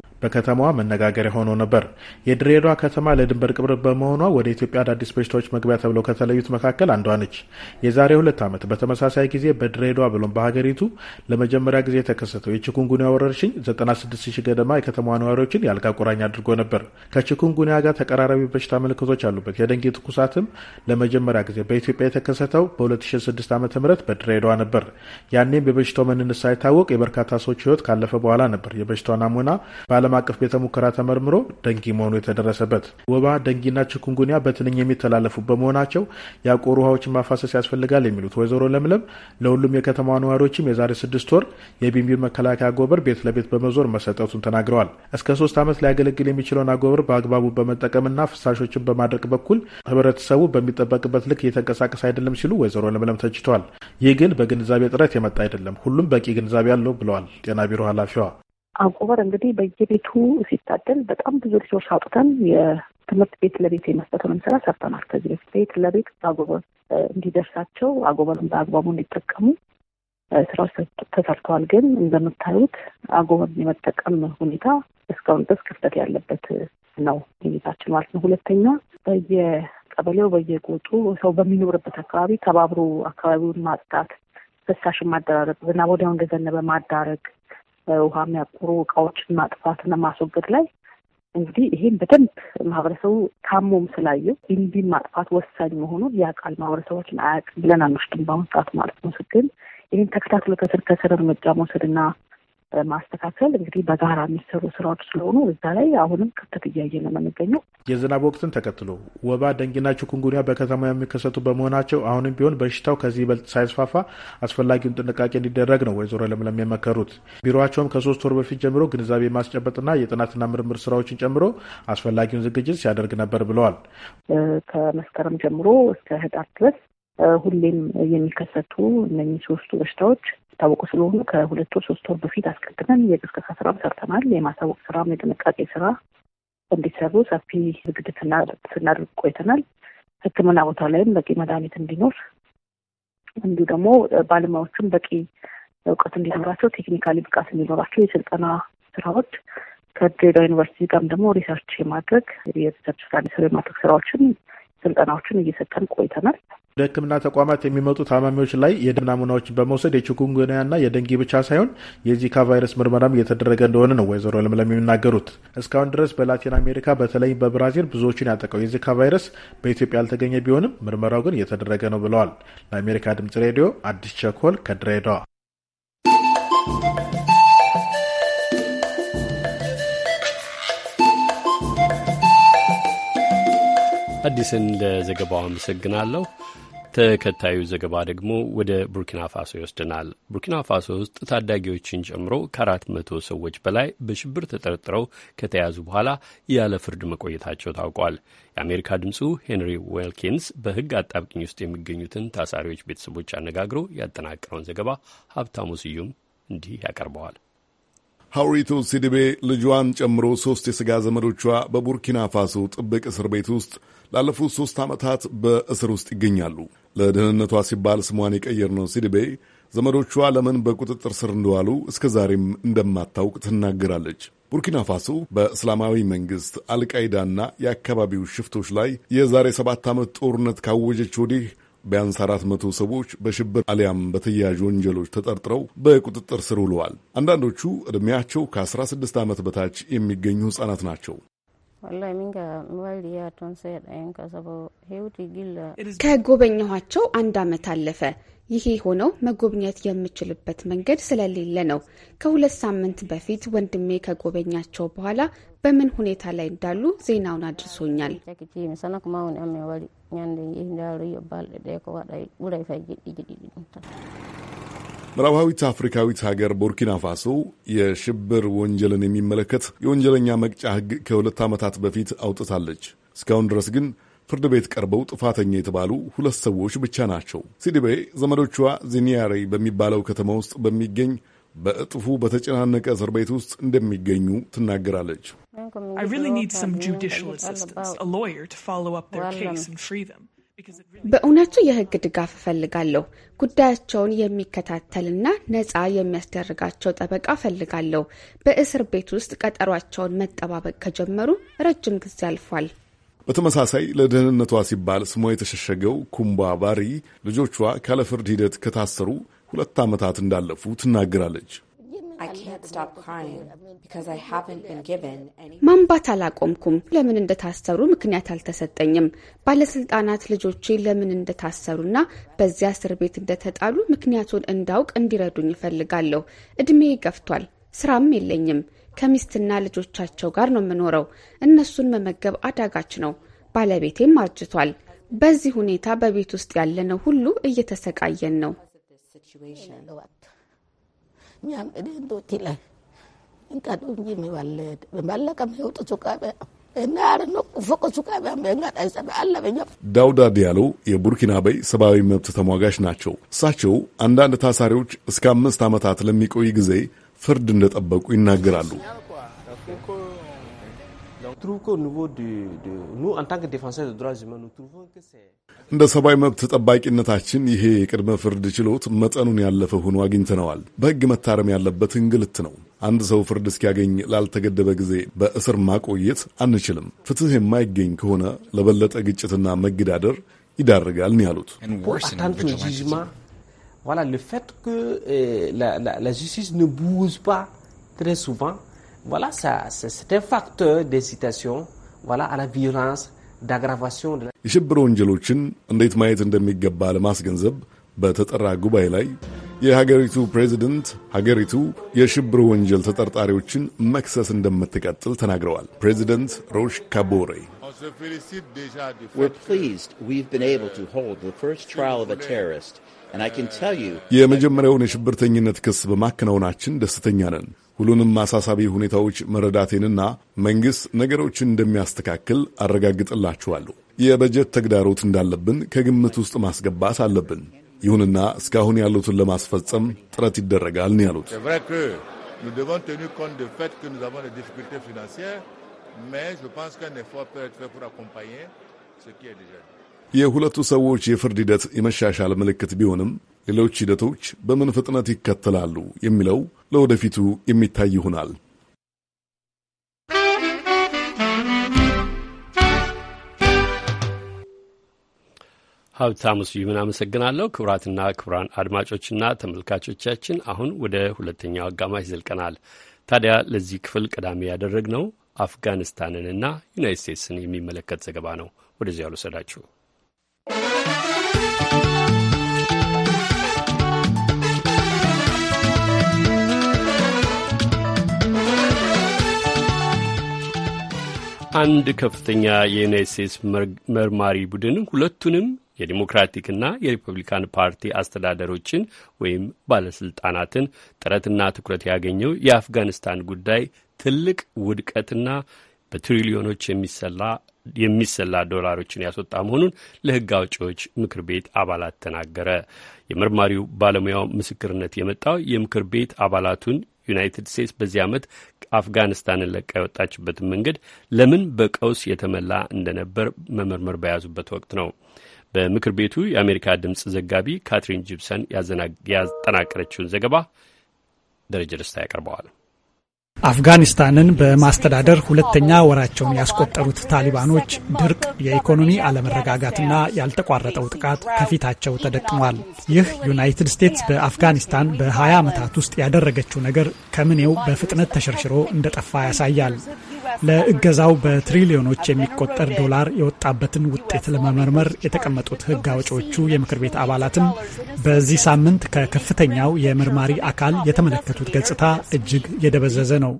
ከተማዋ መነጋገሪያ ሆኖ ነበር። የድሬዳዋ ከተማ ለድንበር ቅርብ በመሆኗ ወደ ኢትዮጵያ አዳዲስ በሽታዎች መግቢያ ተብለው ከተለዩት መካከል አንዷ ነች። የዛሬ ሁለት ዓመት በተመሳሳይ ጊዜ በድሬዳዋ ብሎም በሀገሪቱ ለመጀመሪያ ጊዜ የተከሰተው የችኩንጉኒያ ወረርሽኝ 96 ሺህ ገደማ የከተማዋ ነዋሪዎችን የአልጋ ቁራኝ አድርጎ ነበር። ከችኩንጉኒያ ጋር ተቀራራቢ በሽታ ምልክቶች አሉበት የደንጌ ትኩሳትም ለመጀመሪያ ጊዜ በኢትዮጵያ የተከሰተው በ2006 ዓ ም በድሬዳዋ ነበር። ያኔም የበሽታው መንነት ሳይታወቅ የበርካታ ሰዎች ህይወት ካለፈ በኋላ ነበር የበሽታው ናሙና በዓለም አቀፍ ቤተ ሙከራ ተመርምሮ ደንጊ መሆኑ የተደረሰበት ወባ፣ ደንጊና ችኩንጉኒያ በትንኝ የሚተላለፉ በመሆናቸው የአቆር ውሃዎችን ማፋሰስ ያስፈልጋል የሚሉት ወይዘሮ ለምለም ለሁሉም የከተማ ነዋሪዎችም የዛሬ ስድስት ወር የቢንቢ መከላከያ አጎበር ቤት ለቤት በመዞር መሰጠቱን ተናግረዋል። እስከ ሶስት ዓመት ሊያገለግል የሚችለውን አጎበር በአግባቡ በመጠቀምና ፍሳሾችን በማድረቅ በኩል ህብረተሰቡ በሚጠበቅበት ልክ እየተንቀሳቀስ አይደለም ሲሉ ወይዘሮ ለምለም ተችተዋል። ይህ ግን በግንዛቤ ጥረት የመጣ አይደለም፣ ሁሉም በቂ ግንዛቤ አለው ብለዋል ጤና ቢሮ ኃላፊዋ። አጎበር እንግዲህ በየቤቱ ሲታደል በጣም ብዙ ሪሶርስ አውጥተን የትምህርት ቤት ለቤት የመስጠቱንም ስራ ሰርተናል። ከዚህ በፊት ቤት ለቤት አጎበር እንዲደርሳቸው አጎበርን በአግባቡ እንዲጠቀሙ ስራዎች ተሰርተዋል። ግን እንደምታዩት አጎበር የመጠቀም ሁኔታ እስካሁን ድረስ ክፍተት ያለበት ነው ሁኔታችን ማለት ነው። ሁለተኛ በየቀበሌው በየጎጡ ሰው በሚኖርበት አካባቢ ተባብሮ አካባቢውን ማጽዳት፣ ፍሳሽን ማደራረግ፣ ዝናብ ወዲያው እንደዘነበ ማዳረግ ውሃ የሚያቆሩ እቃዎችን ማጥፋትና ማስወገድ ላይ እንግዲህ ይሄን በደንብ ማህበረሰቡ ታሞም ስላየው ቢንቢን ማጥፋት ወሳኝ መሆኑን ያውቃል። ማህበረሰባችን አያውቅም ብለን አንወስድም በአሁን ሰዓት ማለት ነው። ግን ይህን ተከታትሎ ከስር ከስር እርምጃ መውሰድና ማስተካከል እንግዲህ በጋራ የሚሰሩ ስራዎች ስለሆኑ እዛ ላይ አሁንም ክፍተት እያየ ነው የምንገኘው። የዝናብ ወቅትን ተከትሎ ወባ፣ ደንጊና ቺኩንጉኒያ በከተማ የሚከሰቱ በመሆናቸው አሁንም ቢሆን በሽታው ከዚህ ይበልጥ ሳይስፋፋ አስፈላጊውን ጥንቃቄ እንዲደረግ ነው ወይዘሮ ለምለም የመከሩት። ቢሮቸውም ከሶስት ወር በፊት ጀምሮ ግንዛቤ ማስጨበጥና የጥናትና ምርምር ስራዎችን ጨምሮ አስፈላጊውን ዝግጅት ሲያደርግ ነበር ብለዋል። ከመስከረም ጀምሮ እስከ ህዳር ድረስ ሁሌም የሚከሰቱ እነኚህ ሶስቱ በሽታዎች የሚታወቁ ስለሆኑ ከሁለት ወር ሶስት ወር በፊት አስቀድመን የቅስቀሳ ስራም ሰርተናል። የማሳወቅ ስራም የጥንቃቄ ስራ እንዲሰሩ ሰፊ ዝግጅት ስናደርግ ቆይተናል። ሕክምና ቦታ ላይም በቂ መድኃኒት እንዲኖር እንዲሁ ደግሞ ባለሙያዎችም በቂ እውቀት እንዲኖራቸው፣ ቴክኒካሊ ብቃት እንዲኖራቸው የስልጠና ስራዎች ከድሬዳዋ ዩኒቨርሲቲ ጋርም ደግሞ ሪሰርች የማድረግ የሪሰርች ስራ የማድረግ ስራዎችን ስልጠናዎችን እየሰጠን ቆይተናል። ወደ ሕክምና ተቋማት የሚመጡ ታማሚዎች ላይ የደም ናሙናዎችን በመውሰድ የቺኩንጉንያና የደንጊ ብቻ ሳይሆን የዚካ ቫይረስ ምርመራም እየተደረገ እንደሆነ ነው ወይዘሮ ለምለም የሚናገሩት። እስካሁን ድረስ በላቲን አሜሪካ በተለይም በብራዚል ብዙዎችን ያጠቀው የዚካ ቫይረስ በኢትዮጵያ ያልተገኘ ቢሆንም ምርመራው ግን እየተደረገ ነው ብለዋል። ለአሜሪካ ድምጽ ሬዲዮ አዲስ ቸኮል ከድሬዳዋ አዲስን ለዘገባው አመሰግናለሁ። ተከታዩ ዘገባ ደግሞ ወደ ቡርኪና ፋሶ ይወስደናል። ቡርኪና ፋሶ ውስጥ ታዳጊዎችን ጨምሮ ከአራት መቶ ሰዎች በላይ በሽብር ተጠርጥረው ከተያዙ በኋላ ያለ ፍርድ መቆየታቸው ታውቋል። የአሜሪካ ድምፁ ሄንሪ ዌልኪንስ በሕግ አጣብቅኝ ውስጥ የሚገኙትን ታሳሪዎች ቤተሰቦች አነጋግሮ ያጠናቀረውን ዘገባ ሀብታሙ ስዩም እንዲህ ያቀርበዋል። ሐውሪቱ ሲዲቤ ልጇን ጨምሮ ሦስት የሥጋ ዘመዶቿ በቡርኪና ፋሶ ጥብቅ እስር ቤት ውስጥ ላለፉት ሦስት ዓመታት በእስር ውስጥ ይገኛሉ። ለደህንነቷ ሲባል ስሟን ነው ሲድቤ ዘመዶቿ ለምን በቁጥጥር ስር እንደዋሉ እስከ ዛሬም እንደማታውቅ ትናገራለች። ቡርኪና ፋሶ በእስላማዊ መንግሥት አልቃይዳና የአካባቢው ሽፍቶች ላይ የዛሬ ሰባት ዓመት ጦርነት ካወጀች ወዲህ ቢያንስ አራት መቶ ሰዎች በሽብር አሊያም በተያያዥ ወንጀሎች ተጠርጥረው በቁጥጥር ስር ውለዋል። አንዳንዶቹ ዕድሜያቸው ከ16 ዓመት በታች የሚገኙ ሕፃናት ናቸው። ከጎበኘኋቸው አንድ አመት አለፈ። ይሄ ሆነው መጎብኘት የምችልበት መንገድ ስለሌለ ነው። ከሁለት ሳምንት በፊት ወንድሜ ከጎበኛቸው በኋላ በምን ሁኔታ ላይ እንዳሉ ዜናውን አድርሶኛል። ምዕራባዊት አፍሪካዊት ሀገር ቡርኪና ፋሶ የሽብር ወንጀልን የሚመለከት የወንጀለኛ መቅጫ ሕግ ከሁለት ዓመታት በፊት አውጥታለች። እስካሁን ድረስ ግን ፍርድ ቤት ቀርበው ጥፋተኛ የተባሉ ሁለት ሰዎች ብቻ ናቸው። ሲዲቤ ዘመዶቿ ዚኒያሬ በሚባለው ከተማ ውስጥ በሚገኝ በእጥፉ በተጨናነቀ እስር ቤት ውስጥ እንደሚገኙ ትናገራለች። በእውነቱ የህግ ድጋፍ እፈልጋለሁ። ጉዳያቸውን የሚከታተልና ነፃ የሚያስደርጋቸው ጠበቃ እፈልጋለሁ። በእስር ቤት ውስጥ ቀጠሯቸውን መጠባበቅ ከጀመሩ ረጅም ጊዜ አልፏል። በተመሳሳይ ለደህንነቷ ሲባል ስሟ የተሸሸገው ኩምባ ባሪ ልጆቿ ካለፍርድ ሂደት ከታሰሩ ሁለት ዓመታት እንዳለፉ ትናገራለች። ማንባት አላቆምኩም። ለምን እንደታሰሩ ምክንያት አልተሰጠኝም። ባለስልጣናት ልጆቼ ለምን እንደታሰሩና በዚያ እስር ቤት እንደተጣሉ ምክንያቱን እንዳውቅ እንዲረዱኝ እፈልጋለሁ። እድሜ ገፍቷል፣ ስራም የለኝም። ከሚስትና ልጆቻቸው ጋር ነው የምኖረው። እነሱን መመገብ አዳጋች ነው። ባለቤቴም አርጅቷል። በዚህ ሁኔታ በቤት ውስጥ ያለነው ሁሉ እየተሰቃየን ነው። የሚያመድህን ዶቲ ላይ እንቀዱ እንጂ የሚባለድ በማለቀ የሚወጡ ሱቃበ ዳውዳ ዲያሎ የቡርኪናቤ ሰብአዊ መብት ተሟጋች ናቸው። እሳቸው አንዳንድ ታሳሪዎች እስከ አምስት ዓመታት ለሚቆይ ጊዜ ፍርድ እንደጠበቁ ይናገራሉ። trouve qu'au niveau de, de nous, en tant que défenseurs des droits humains, nous trouvons que c'est... እንደ ሰብአዊ መብት ጠባቂነታችን ይሄ የቅድመ ፍርድ ችሎት መጠኑን ያለፈ ሆኖ አግኝተነዋል። በሕግ መታረም ያለበት እንግልት ነው። አንድ ሰው ፍርድ እስኪያገኝ ላልተገደበ ጊዜ በእስር ማቆየት አንችልም። ፍትህ የማይገኝ ከሆነ ለበለጠ ግጭትና መገዳደር ይዳርጋል ነው ያሉት። Voilà, le fait que eh, la, la, la justice ne bouge pas très souvent Voilà, ça, c'est un facteur d'incitation voilà, à la violence, d'aggravation de ወንጀሎችን እንዴት ማየት እንደሚገባ ለማስገንዘብ በተጠራ ጉባኤ ላይ የሀገሪቱ ፕሬዚደንት ሀገሪቱ የሽብር ወንጀል ተጠርጣሪዎችን መክሰስ እንደምትቀጥል ተናግረዋል። ፕሬዚደንት ሮሽ ካቦሬ የመጀመሪያውን የሽብርተኝነት ክስ በማከናወናችን ደስተኛ ነን። ሁሉንም አሳሳቢ ሁኔታዎች መረዳቴንና መንግሥት ነገሮችን እንደሚያስተካክል አረጋግጥላችኋለሁ። የበጀት ተግዳሮት እንዳለብን ከግምት ውስጥ ማስገባት አለብን። ይሁንና እስካሁን ያሉትን ለማስፈጸም ጥረት ይደረጋል ነው ያሉት። የሁለቱ ሰዎች የፍርድ ሂደት የመሻሻል ምልክት ቢሆንም ሌሎች ሂደቶች በምን ፍጥነት ይከተላሉ የሚለው ለወደፊቱ የሚታይ ይሆናል። ሀብታሙ ስዩምን አመሰግናለሁ። ክቡራትና ክቡራን አድማጮችና ተመልካቾቻችን አሁን ወደ ሁለተኛው አጋማሽ ዘልቀናል። ታዲያ ለዚህ ክፍል ቀዳሚ ያደረግነው አፍጋኒስታንንና ዩናይት ስቴትስን የሚመለከት ዘገባ ነው። ወደዚያ ልውሰዳችሁ። አንድ ከፍተኛ የዩናይት ስቴትስ መርማሪ ቡድን ሁለቱንም የዲሞክራቲክና የሪፐብሊካን ፓርቲ አስተዳደሮችን ወይም ባለስልጣናትን ጥረትና ትኩረት ያገኘው የአፍጋኒስታን ጉዳይ ትልቅ ውድቀትና በትሪሊዮኖች የሚሰላ የሚሰላ ዶላሮችን ያስወጣ መሆኑን ለሕግ አውጪዎች ምክር ቤት አባላት ተናገረ። የመርማሪው ባለሙያው ምስክርነት የመጣው የምክር ቤት አባላቱን ዩናይትድ ስቴትስ በዚህ ዓመት አፍጋኒስታንን ለቃ የወጣችበትን መንገድ ለምን በቀውስ የተመላ እንደነበር መመርመር በያዙበት ወቅት ነው። በምክር ቤቱ የአሜሪካ ድምፅ ዘጋቢ ካትሪን ጂፕሰን ያጠናቀረችውን ዘገባ ደረጀ ደስታ ያቀርበዋል። አፍጋኒስታንን በማስተዳደር ሁለተኛ ወራቸውን ያስቆጠሩት ታሊባኖች ድርቅ፣ የኢኮኖሚ አለመረጋጋትና ያልተቋረጠው ጥቃት ከፊታቸው ተደቅኗል። ይህ ዩናይትድ ስቴትስ በአፍጋኒስታን በ20 ዓመታት ውስጥ ያደረገችው ነገር ከምኔው በፍጥነት ተሸርሽሮ እንደጠፋ ያሳያል። ለእገዛው በትሪሊዮኖች የሚቆጠር ዶላር የወጣበትን ውጤት ለመመርመር የተቀመጡት ሕግ አውጪዎቹ የምክር ቤት አባላትም በዚህ ሳምንት ከከፍተኛው የመርማሪ አካል የተመለከቱት ገጽታ እጅግ የደበዘዘ ነው።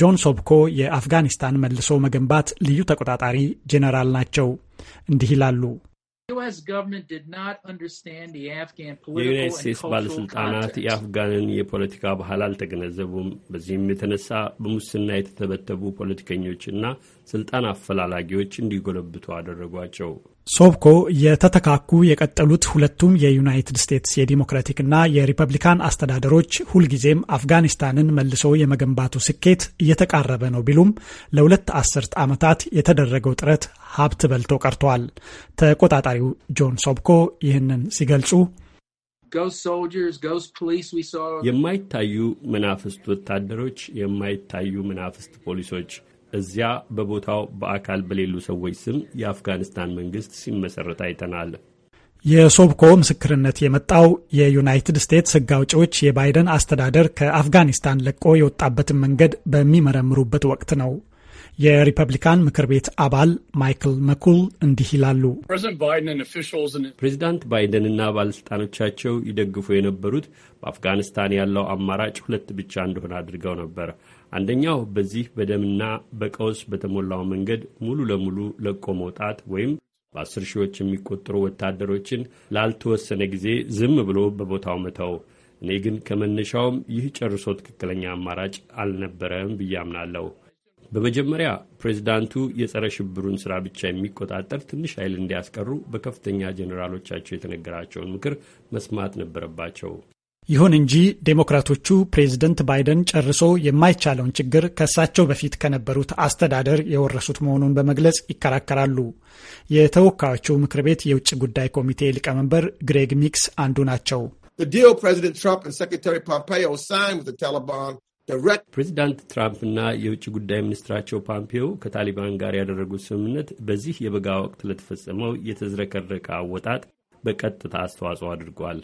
ጆን ሶብኮ የአፍጋኒስታን መልሶ መገንባት ልዩ ተቆጣጣሪ ጄኔራል ናቸው። እንዲህ ይላሉ። የዩናይት ስቴትስ ባለሥልጣናት የአፍጋንን የፖለቲካ ባህል አልተገነዘቡም። በዚህም የተነሳ በሙስና የተተበተቡ ፖለቲከኞችና ስልጣን አፈላላጊዎች እንዲጎለብቱ አደረጓቸው። ሶብኮ የተተካኩ የቀጠሉት ሁለቱም የዩናይትድ ስቴትስ የዲሞክራቲክና የሪፐብሊካን አስተዳደሮች ሁልጊዜም አፍጋኒስታንን መልሶ የመገንባቱ ስኬት እየተቃረበ ነው ቢሉም ለሁለት አስርት ዓመታት የተደረገው ጥረት ሀብት በልቶ ቀርተዋል። ተቆጣጣሪው ጆን ሶብኮ ይህንን ሲገልጹ የማይታዩ መናፍስት ወታደሮች፣ የማይታዩ መናፍስት ፖሊሶች እዚያ በቦታው በአካል በሌሉ ሰዎች ስም የአፍጋኒስታን መንግስት ሲመሰረት አይተናል። የሶብኮ ምስክርነት የመጣው የዩናይትድ ስቴትስ ሕግ አውጪዎች የባይደን አስተዳደር ከአፍጋኒስታን ለቆ የወጣበትን መንገድ በሚመረምሩበት ወቅት ነው። የሪፐብሊካን ምክር ቤት አባል ማይክል መኩል እንዲህ ይላሉ። ፕሬዚዳንት ባይደንና ባለሥልጣኖቻቸው ይደግፉ የነበሩት በአፍጋኒስታን ያለው አማራጭ ሁለት ብቻ እንደሆነ አድርገው ነበር። አንደኛው በዚህ በደምና በቀውስ በተሞላው መንገድ ሙሉ ለሙሉ ለቆ መውጣት ወይም በአስር ሺዎች የሚቆጠሩ ወታደሮችን ላልተወሰነ ጊዜ ዝም ብሎ በቦታው መተው። እኔ ግን ከመነሻውም ይህ ጨርሶ ትክክለኛ አማራጭ አልነበረም ብዬ አምናለሁ። በመጀመሪያ ፕሬዚዳንቱ የጸረ ሽብሩን ስራ ብቻ የሚቆጣጠር ትንሽ ኃይል እንዲያስቀሩ በከፍተኛ ጀኔራሎቻቸው የተነገራቸውን ምክር መስማት ነበረባቸው። ይሁን እንጂ ዴሞክራቶቹ ፕሬዝደንት ባይደን ጨርሶ የማይቻለውን ችግር ከእሳቸው በፊት ከነበሩት አስተዳደር የወረሱት መሆኑን በመግለጽ ይከራከራሉ። የተወካዮቹ ምክር ቤት የውጭ ጉዳይ ኮሚቴ ሊቀመንበር ግሬግ ሚክስ አንዱ ናቸው። ፕሬዚዳንት እና የውጭ ጉዳይ ሚኒስትራቸው ፓምፒዮ ከታሊባን ጋር ያደረጉት ስምምነት በዚህ የበጋ ወቅት ለተፈጸመው የተዝረከረቀ አወጣጥ በቀጥታ አስተዋጽኦ አድርጓል።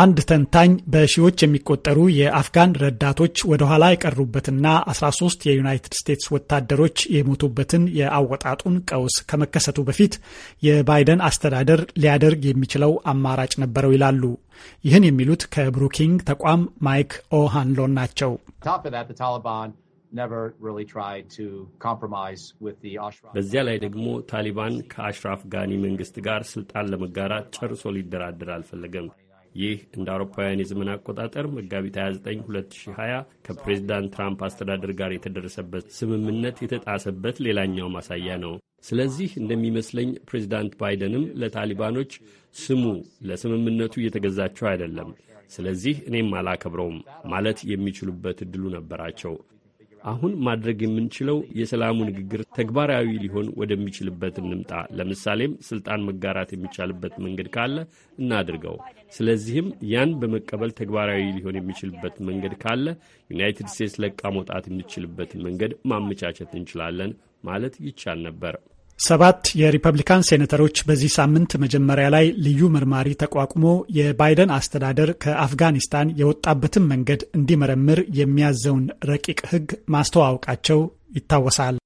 አንድ ተንታኝ በሺዎች የሚቆጠሩ የአፍጋን ረዳቶች ወደኋላ የቀሩበትና 13 የዩናይትድ ስቴትስ ወታደሮች የሞቱበትን የአወጣጡን ቀውስ ከመከሰቱ በፊት የባይደን አስተዳደር ሊያደርግ የሚችለው አማራጭ ነበረው ይላሉ። ይህን የሚሉት ከብሩኪንግ ተቋም ማይክ ኦሃንሎን ናቸው። በዚያ ላይ ደግሞ ታሊባን ከአሽራፍ ጋኒ መንግስት ጋር ስልጣን ለመጋራት ጨርሶ ሊደራደር አልፈለገም። ይህ እንደ አውሮፓውያን የዘመን አቆጣጠር መጋቢት 29 2020 ከፕሬዚዳንት ትራምፕ አስተዳደር ጋር የተደረሰበት ስምምነት የተጣሰበት ሌላኛው ማሳያ ነው። ስለዚህ እንደሚመስለኝ ፕሬዚዳንት ባይደንም ለታሊባኖች ስሙ ለስምምነቱ እየተገዛቸው አይደለም፣ ስለዚህ እኔም አላከብረውም ማለት የሚችሉበት እድሉ ነበራቸው። አሁን ማድረግ የምንችለው የሰላሙ ንግግር ተግባራዊ ሊሆን ወደሚችልበት እንምጣ። ለምሳሌም ስልጣን መጋራት የሚቻልበት መንገድ ካለ እናድርገው። ስለዚህም ያን በመቀበል ተግባራዊ ሊሆን የሚችልበት መንገድ ካለ ዩናይትድ ስቴትስ ለቃ መውጣት የምትችልበትን መንገድ ማመቻቸት እንችላለን ማለት ይቻል ነበር። ሰባት የሪፐብሊካን ሴኔተሮች በዚህ ሳምንት መጀመሪያ ላይ ልዩ መርማሪ ተቋቁሞ የባይደን አስተዳደር ከአፍጋኒስታን የወጣበትን መንገድ እንዲመረምር የሚያዘውን ረቂቅ ሕግ ማስተዋወቃቸው ይታወሳል።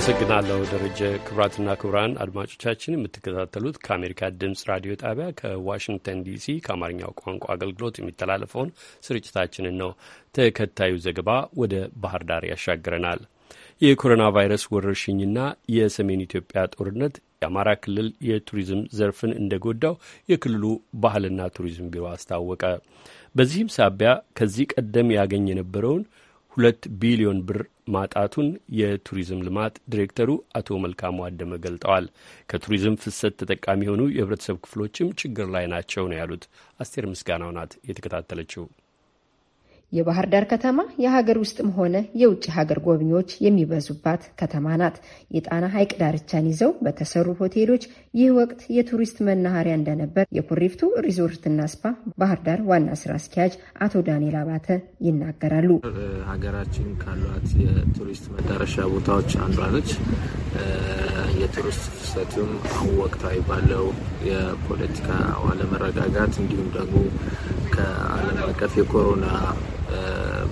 አመሰግናለሁ ደረጀ። ክቡራትና ክቡራን አድማጮቻችን የምትከታተሉት ከአሜሪካ ድምፅ ራዲዮ ጣቢያ ከዋሽንግተን ዲሲ ከአማርኛው ቋንቋ አገልግሎት የሚተላለፈውን ስርጭታችንን ነው። ተከታዩ ዘገባ ወደ ባህር ዳር ያሻግረናል። የኮሮና ቫይረስ ወረርሽኝና የሰሜን ኢትዮጵያ ጦርነት የአማራ ክልል የቱሪዝም ዘርፍን እንደጎዳው የክልሉ ባህልና ቱሪዝም ቢሮ አስታወቀ። በዚህም ሳቢያ ከዚህ ቀደም ያገኝ የነበረውን ሁለት ቢሊዮን ብር ማጣቱን የቱሪዝም ልማት ዲሬክተሩ አቶ መልካሙ አደመ ገልጠዋል። ከቱሪዝም ፍሰት ተጠቃሚ የሆኑ የህብረተሰብ ክፍሎችም ችግር ላይ ናቸው ነው ያሉት። አስቴር ምስጋናው ናት የተከታተለችው። የባህር ዳር ከተማ የሀገር ውስጥም ሆነ የውጭ ሀገር ጎብኚዎች የሚበዙባት ከተማ ናት። የጣና ሐይቅ ዳርቻን ይዘው በተሰሩ ሆቴሎች ይህ ወቅት የቱሪስት መናኸሪያ እንደነበር የኩሪፍቱ ሪዞርትና ስፓ ባህር ዳር ዋና ስራ አስኪያጅ አቶ ዳንኤል አባተ ይናገራሉ። ሀገራችን ካሏት የቱሪስት መዳረሻ ቦታዎች አንዷ ነች። የቱሪስት ፍሰቱም አሁን ወቅታዊ ባለው የፖለቲካ አለመረጋጋት እንዲሁም ደግሞ ከዓለም አቀፍ የኮሮና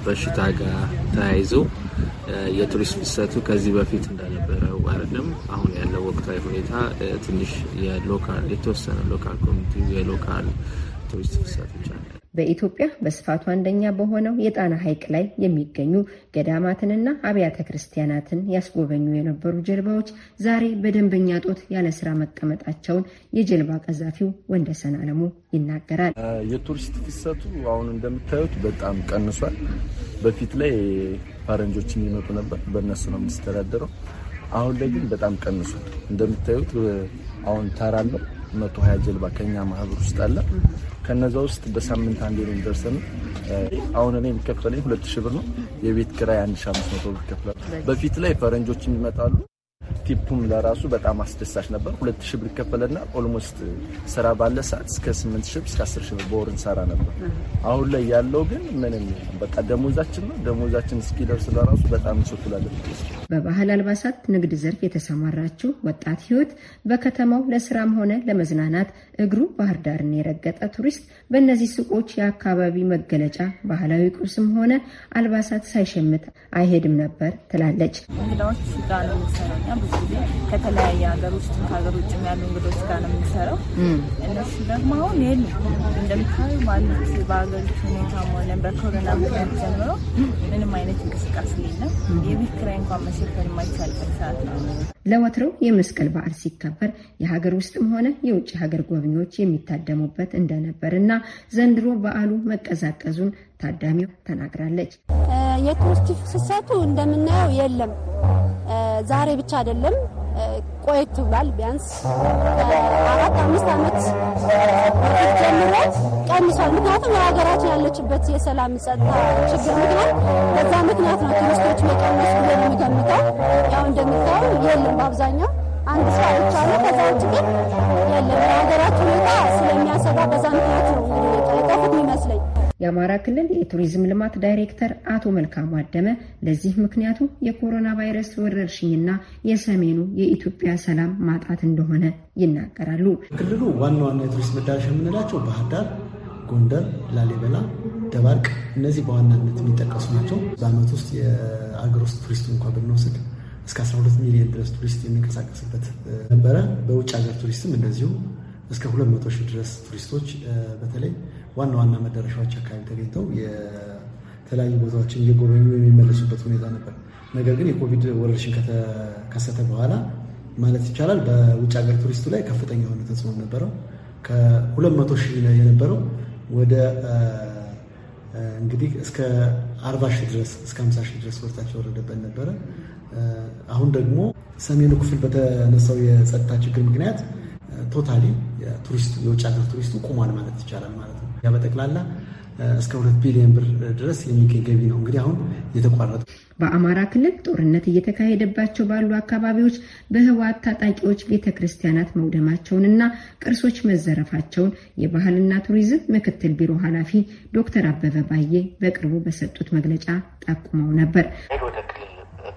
በሽታ ጋር ተያይዞ የቱሪስት ፍሰቱ ከዚህ በፊት እንደነበረው አይደለም። አሁን ያለው ወቅታዊ ሁኔታ ትንሽ የሎካል የተወሰነ ሎካል ኮሚኒቲ የሎካል ቱሪስት ፍሰቶች በኢትዮጵያ በስፋቱ አንደኛ በሆነው የጣና ሐይቅ ላይ የሚገኙ ገዳማትንና አብያተ ክርስቲያናትን ያስጎበኙ የነበሩ ጀልባዎች ዛሬ በደንበኛ ጦት ያለ ስራ መቀመጣቸውን የጀልባ ቀዛፊው ወንደሰን አለሙ ይናገራል። የቱሪስት ፍሰቱ አሁን እንደምታዩት በጣም ቀንሷል። በፊት ላይ ፈረንጆች የሚመጡ ነበር፣ በእነሱ ነው የምስተዳደረው። አሁን ላይ ግን በጣም ቀንሷል። እንደምታዩት አሁን ተራ አለው መቶ ሀያ ጀልባ ከኛ ማህበር ውስጥ አለ ከነዛ ውስጥ በሳምንት አንዴ ነው የሚደርሰን። አሁን እኔ የሚከፈለኝ ሁለት ሺህ ብር ነው። የቤት ኪራይ አንድ ሺህ አምስት መቶ ብር ይከፍላል። በፊት ላይ ፈረንጆችም ይመጣሉ ቲፑም ለራሱ በጣም አስደሳች ነበር። ሁለት ሺህ ብር ኦልሞስት ስራ ባለ ሰዓት እስከ ስምንት ሺህ እስከ አስር ሺህ በወር እንሰራ ነበር። አሁን ላይ ያለው ግን ምንም በቃ ደሞዛችን ነው። ደሞዛችን እስኪደርስ ለራሱ በጣም እንቸኩላለን። በባህል አልባሳት ንግድ ዘርፍ የተሰማራችው ወጣት ህይወት በከተማው ለስራም ሆነ ለመዝናናት እግሩ ባህር ዳርን የረገጠ ቱሪስት በእነዚህ ሱቆች የአካባቢ መገለጫ ባህላዊ ቁርስም ሆነ አልባሳት ሳይሸምት አይሄድም ነበር ትላለች። እንግዳዎች ጋር ነው የምንሰራው። እኛ ብዙ ጊዜ ከተለያየ ሀገር ውስጥ ከሀገር ውጭም ያሉ እንግዶች ጋር ነው የምንሰራው። እነሱ ደግሞ አሁን የሉ እንደምታዩ ባሉት በሀገሪቱ ሁኔታ ሆነን በኮሮና ምክንያት ጀምሮ ምንም አይነት እንቅስቃሴ የለም። የቤት ኪራይ እንኳን መሸፈን የማይቻልበት ሰዓት ነው። ለወትሮው የመስቀል በዓል ሲከበር የሀገር ውስጥም ሆነ የውጭ ሀገር ጎብኚዎች የሚታደሙበት እንደነበር እና ዘንድሮ በዓሉ መቀዛቀዙን ታዳሚው ተናግራለች። የቱሪስት ፍሰቱ እንደምናየው የለም። ዛሬ ብቻ አይደለም ቆየት ብሏል። ቢያንስ አራት አምስት ዓመት ጀምሮ ቀንሷል። ምክንያቱም የሀገራችን ያለችበት የሰላም ጸጥታ ችግር ምክንያት በዛ ምክንያት ነው ቱሪስቶች መቀነሱ ብሎ የሚገምተው። ያው እንደምታየው የለም በአብዛኛው አንድ ሰው አይቻለሁ። ከዛ ውጭ ግን የለም የሀገራችን ሁኔታ ስለሚያሰጋ በዛ ምክንያት ነው የአማራ ክልል የቱሪዝም ልማት ዳይሬክተር አቶ መልካሙ አደመ ለዚህ ምክንያቱ የኮሮና ቫይረስ ወረርሽኝና የሰሜኑ የኢትዮጵያ ሰላም ማጣት እንደሆነ ይናገራሉ። ክልሉ ዋና ዋና የቱሪስት መዳረሻ የምንላቸው ባህር ዳር፣ ጎንደር፣ ላሊበላ፣ ደባርቅ እነዚህ በዋናነት የሚጠቀሱ ናቸው። በአመት ውስጥ የአገር ውስጥ ቱሪስቱ እንኳ ብንወስድ እስከ 12 ሚሊዮን ድረስ ቱሪስት የሚንቀሳቀስበት ነበረ። በውጭ ሀገር ቱሪስትም እንደዚሁ እስከ 200 ሺህ ድረስ ቱሪስቶች በተለይ ዋና ዋና መዳረሻዎች አካባቢ ተገኝተው የተለያዩ ቦታዎችን እየጎበኙ የሚመለሱበት ሁኔታ ነበር። ነገር ግን የኮቪድ ወረርሽኝ ከተከሰተ በኋላ ማለት ይቻላል በውጭ ሀገር ቱሪስቱ ላይ ከፍተኛ የሆነ ተጽዕኖ ነበረው። ከሁለት መቶ ሺህ የነበረው ወደ እንግዲህ እስከ አርባ ሺህ ድረስ እስከ ሃምሳ ሺህ ድረስ ወርታቸው ወረደበት ነበረ። አሁን ደግሞ ሰሜኑ ክፍል በተነሳው የጸጥታ ችግር ምክንያት ቶታሊ ቱሪስቱ የውጭ ሀገር ቱሪስቱ ቁሟል ማለት ይቻላል ማለት ነው። ያ በጠቅላላ እስከ ሁለት ቢሊዮን ብር ድረስ የሚገኝ ገቢ ነው። እንግዲህ አሁን የተቋረጠ በአማራ ክልል ጦርነት እየተካሄደባቸው ባሉ አካባቢዎች በህወሓት ታጣቂዎች ቤተ ክርስቲያናት መውደማቸውንና ቅርሶች መዘረፋቸውን የባህልና ቱሪዝም ምክትል ቢሮ ኃላፊ ዶክተር አበበ ባዬ በቅርቡ በሰጡት መግለጫ ጠቁመው ነበር። ወደ ክልል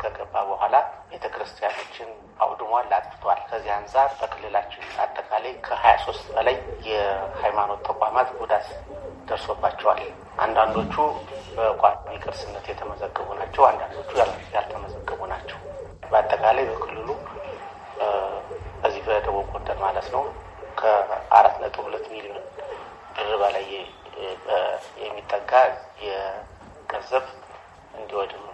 ከገባ በኋላ ቤተ ክርስቲያኖችን አውድሟል፣ አጥፍቷል። ከዚህ አንጻር በክልላችን አጠቃላይ ከሀያ ሶስት በላይ የሃይማኖት ተቋማት ጉዳት ደርሶባቸዋል። አንዳንዶቹ በቋሚ ቅርስነት የተመዘገቡ ናቸው፣ አንዳንዶቹ ያልተመዘገቡ ናቸው። በአጠቃላይ በክልሉ በዚህ በደቡብ ጎንደር ማለት ነው ከአራት ነጥብ ሁለት ሚሊዮን ብር በላይ የሚጠጋ የገንዘብ እንዲወድም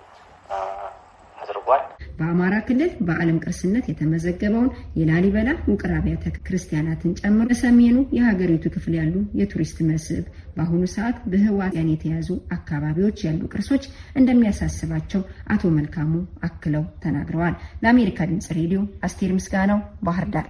አድርጓል። በአማራ ክልል በዓለም ቅርስነት የተመዘገበውን የላሊበላ ውቅር አብያተ ክርስቲያናትን ጨምሮ በሰሜኑ የሀገሪቱ ክፍል ያሉ የቱሪስት መስህብ በአሁኑ ሰዓት በህዋያን የተያዙ አካባቢዎች ያሉ ቅርሶች እንደሚያሳስባቸው አቶ መልካሙ አክለው ተናግረዋል። ለአሜሪካ ድምጽ ሬዲዮ አስቴር ምስጋናው ባህር ዳር።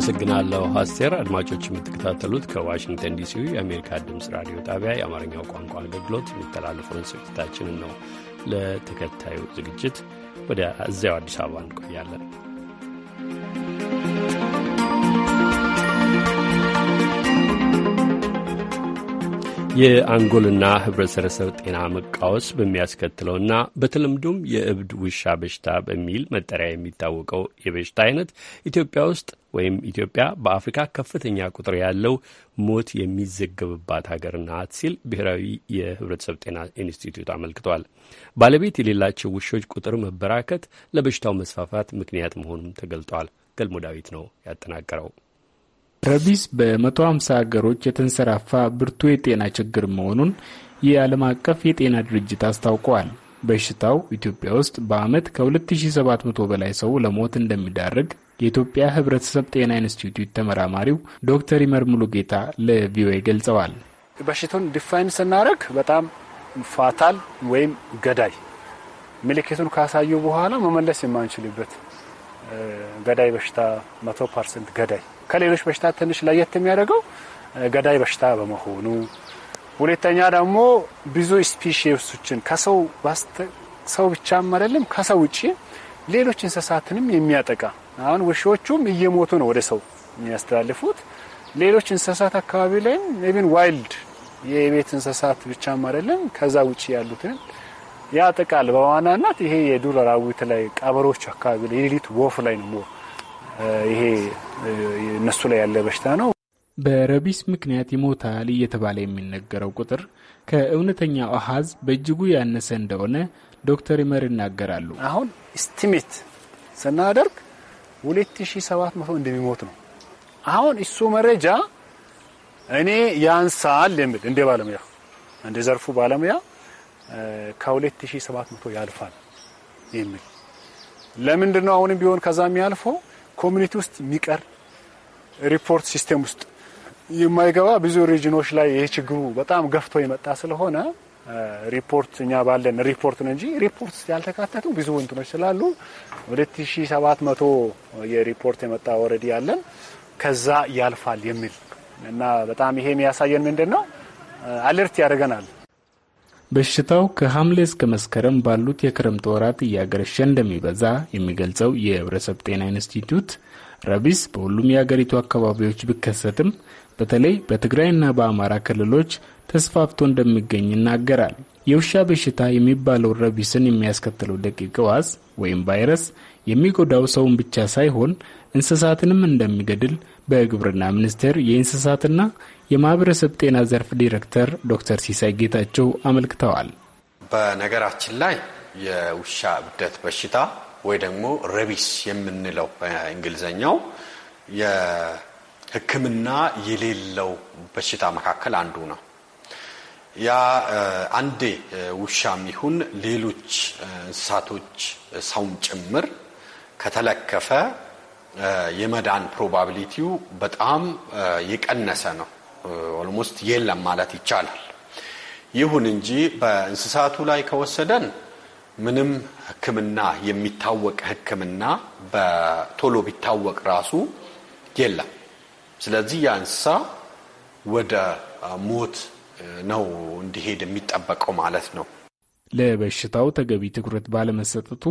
አመሰግናለሁ አስቴር። አድማጮች የምትከታተሉት ከዋሽንግተን ዲሲ የአሜሪካ ድምፅ ራዲዮ ጣቢያ የአማርኛው ቋንቋ አገልግሎት የሚተላለፈውን ስርጭታችንን ነው። ለተከታዩ ዝግጅት ወደ እዚያው አዲስ አበባ እንቆያለን። የአንጎልና ህብረተሰብ ጤና መቃወስ በሚያስከትለውና በተለምዶም የእብድ ውሻ በሽታ በሚል መጠሪያ የሚታወቀው የበሽታ አይነት ኢትዮጵያ ውስጥ ወይም ኢትዮጵያ በአፍሪካ ከፍተኛ ቁጥር ያለው ሞት የሚዘገብባት ሀገር ናት ሲል ብሔራዊ የህብረተሰብ ጤና ኢንስቲትዩት አመልክቷል። ባለቤት የሌላቸው ውሾች ቁጥር መበራከት ለበሽታው መስፋፋት ምክንያት መሆኑም ተገልጧል። ገልሞ ዳዊት ነው ያጠናቀረው። ረቢስ በመቶ ሃምሳ ሀገሮች የተንሰራፋ ብርቱ የጤና ችግር መሆኑን የዓለም አቀፍ የጤና ድርጅት አስታውቀዋል። በሽታው ኢትዮጵያ ውስጥ በዓመት ከ2700 በላይ ሰው ለሞት እንደሚዳርግ የኢትዮጵያ ሕብረተሰብ ጤና ኢንስቲትዩት ተመራማሪው ዶክተር ይመር ጌታ ለቪኦኤ ገልጸዋል። በሽታውን ዲፋይን ስናደርግ በጣም ፋታል ወይም ገዳይ ምልክቱን ካሳዩ በኋላ መመለስ የማንችልበት ገዳይ በሽታ መቶ ፐርሰንት ገዳይ ከሌሎች በሽታ ትንሽ ለየት የሚያደርገው ገዳይ በሽታ በመሆኑ፣ ሁለተኛ ደግሞ ብዙ ስፒሺሶችን ከሰው ባስተ ሰው ብቻም አይደለም ከሰው ውጭ ሌሎች እንስሳትንም የሚያጠቃ አሁን ውሾቹም እየሞቱ ነው ወደ ሰው የሚያስተላልፉት ሌሎች እንስሳት አካባቢ ላይም ኢቭን ዋይልድ የቤት እንስሳት ብቻም አይደለም ከዛ ውጪ ያሉትን ያጠቃል። በዋናነት ይሄ የዱር አራዊት ላይ ቀበሮች አካባቢ ላይ የሌሊት ወፍ ላይ ነው ይሄ እነሱ ላይ ያለ በሽታ ነው። በረቢስ ምክንያት ይሞታል እየተባለ የሚነገረው ቁጥር ከእውነተኛው አሃዝ በእጅጉ ያነሰ እንደሆነ ዶክተር ይመር ይናገራሉ። አሁን ስቲሜት ስናደርግ 2700 እንደሚሞት ነው። አሁን እሱ መረጃ እኔ ያንሳል የሚል እንደ ባለሙያ እንደ ዘርፉ ባለሙያ ከ2700 ያልፋል የሚል ለምንድን ነው አሁንም ቢሆን ከዛ የሚያልፈው ኮሚኒቲ ውስጥ የሚቀር ሪፖርት ሲስተም ውስጥ የማይገባ ብዙ ሪጅኖች ላይ ይህ ችግሩ በጣም ገፍቶ የመጣ ስለሆነ ሪፖርት እኛ ባለን ሪፖርት ነው እንጂ ሪፖርት ውስጥ ያልተካተቱ ብዙ እንትኖች ስላሉ ወደ የሪፖርት የመጣ ወረዲ ያለን ከዛ ያልፋል የሚል እና በጣም ይሄ የሚያሳየን ምንድን ነው አለርት ያደርገናል። በሽታው ከሐምሌ እስከ መስከረም ባሉት የክረምት ወራት እያገረሸ እንደሚበዛ የሚገልጸው የህብረተሰብ ጤና ኢንስቲትዩት ረቢስ በሁሉም የአገሪቱ አካባቢዎች ቢከሰትም በተለይ በትግራይና በአማራ ክልሎች ተስፋፍቶ እንደሚገኝ ይናገራል። የውሻ በሽታ የሚባለው ረቢስን የሚያስከትለው ደቂቅ ዋስ ወይም ቫይረስ የሚጎዳው ሰውን ብቻ ሳይሆን እንስሳትንም እንደሚገድል በግብርና ሚኒስቴር የእንስሳትና የማህበረሰብ ጤና ዘርፍ ዲሬክተር ዶክተር ሲሳይ ጌታቸው አመልክተዋል። በነገራችን ላይ የውሻ እብደት በሽታ ወይ ደግሞ ረቢስ የምንለው በእንግሊዝኛው የሕክምና የሌለው በሽታ መካከል አንዱ ነው። ያ አንዴ ውሻም ይሁን ሌሎች እንስሳቶች ሰውን ጭምር ከተለከፈ የመዳን ፕሮባቢሊቲው በጣም የቀነሰ ነው። ኦልሞስት የለም ማለት ይቻላል። ይሁን እንጂ በእንስሳቱ ላይ ከወሰደን ምንም ሕክምና የሚታወቅ ሕክምና በቶሎ ቢታወቅ ራሱ የለም። ስለዚህ ያ እንስሳ ወደ ሞት ነው እንዲሄድ የሚጠበቀው ማለት ነው። ለበሽታው ተገቢ ትኩረት ባለመሰጠቱ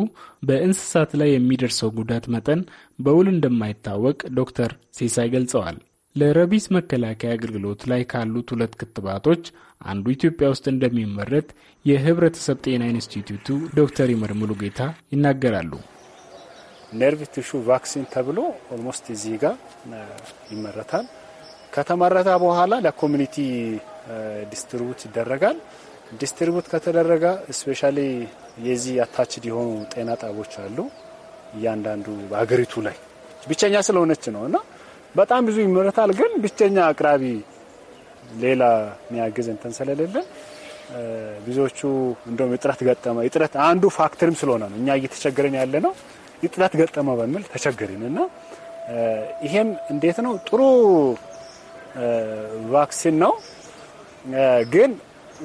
በእንስሳት ላይ የሚደርሰው ጉዳት መጠን በውል እንደማይታወቅ ዶክተር ሴሳይ ገልጸዋል። ለረቢስ መከላከያ አገልግሎት ላይ ካሉት ሁለት ክትባቶች አንዱ ኢትዮጵያ ውስጥ እንደሚመረት የህብረተሰብ ጤና ኢንስቲትዩቱ ዶክተር ይመር ጌታ ይናገራሉ። ነርቭ ቲሹ ቫክሲን ተብሎ ኦልሞስት እዚህ ጋር ይመረታል። ከተመረተ በኋላ ለኮሚኒቲ ዲስትሪቡት ይደረጋል። ዲስትሪቡት ከተደረገ ስፔሻሊ የዚህ አታችድ የሆኑ ጤና ጣቦች አሉ እያንዳንዱ በሀገሪቱ ላይ ብቸኛ ስለሆነች ነው እና በጣም ብዙ ይመረታል፣ ግን ብቸኛ አቅራቢ ሌላ የሚያግዝ እንትን ስለሌለ ብዙዎቹ እንደውም እጥረት ገጠመ። እጥረት አንዱ ፋክተርም ስለሆነ ነው እኛ እየተቸገረን ያለ ነው። እጥረት ገጠመ በሚል ተቸገረን እና ይሄም እንዴት ነው ጥሩ ቫክሲን ነው፣ ግን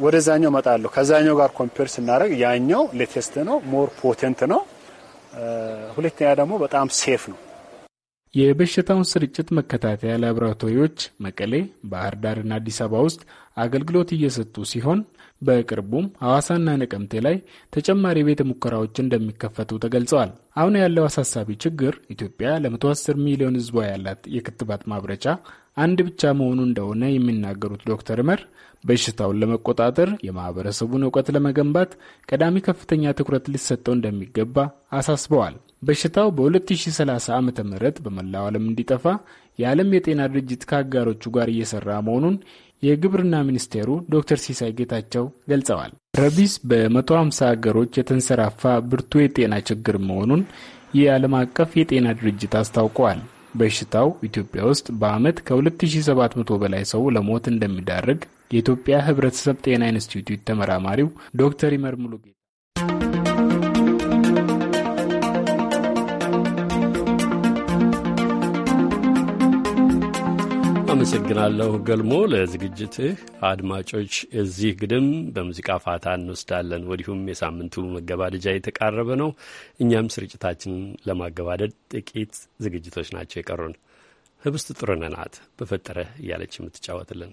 ወደዛኛው መጣለሁ። ከዛኛው ጋር ኮምፔር ስናደርግ ያኛው ሌቴስት ነው፣ ሞር ፖቴንት ነው። ሁለተኛ ደግሞ በጣም ሴፍ ነው። የበሽታውን ስርጭት መከታተያ ላብራቶሪዎች መቀሌ፣ ባህር ዳርና አዲስ አበባ ውስጥ አገልግሎት እየሰጡ ሲሆን በቅርቡም ሐዋሳና ነቀምቴ ላይ ተጨማሪ ቤተ ሙከራዎች እንደሚከፈቱ ተገልጸዋል። አሁን ያለው አሳሳቢ ችግር ኢትዮጵያ ለ110 ሚሊዮን ሕዝቧ ያላት የክትባት ማብረቻ አንድ ብቻ መሆኑ እንደሆነ የሚናገሩት ዶክተር መር በሽታውን ለመቆጣጠር የማህበረሰቡን እውቀት ለመገንባት ቀዳሚ ከፍተኛ ትኩረት ሊሰጠው እንደሚገባ አሳስበዋል። በሽታው በ2030 ዓ ም በመላው ዓለም እንዲጠፋ የዓለም የጤና ድርጅት ከአጋሮቹ ጋር እየሰራ መሆኑን የግብርና ሚኒስቴሩ ዶክተር ሲሳይ ጌታቸው ገልጸዋል። ረቢስ በ150 አገሮች የተንሰራፋ ብርቱ የጤና ችግር መሆኑን የዓለም አቀፍ የጤና ድርጅት አስታውቀዋል። በሽታው ኢትዮጵያ ውስጥ በዓመት ከ2700 በላይ ሰው ለሞት እንደሚዳርግ የኢትዮጵያ ሕብረተሰብ ጤና ኢንስቲትዩት ተመራማሪው ዶክተር ይመር ሙሉጌታ አመሰግናለሁ ገልሞ ለዝግጅትህ። አድማጮች እዚህ ግድም በሙዚቃ ፋታ እንወስዳለን። ወዲሁም የሳምንቱ መገባደጃ የተቃረበ ነው። እኛም ስርጭታችን ለማገባደድ ጥቂት ዝግጅቶች ናቸው የቀሩን። ህብስት ጥሩነህ ናት በፈጠረ እያለች የምትጫወትልን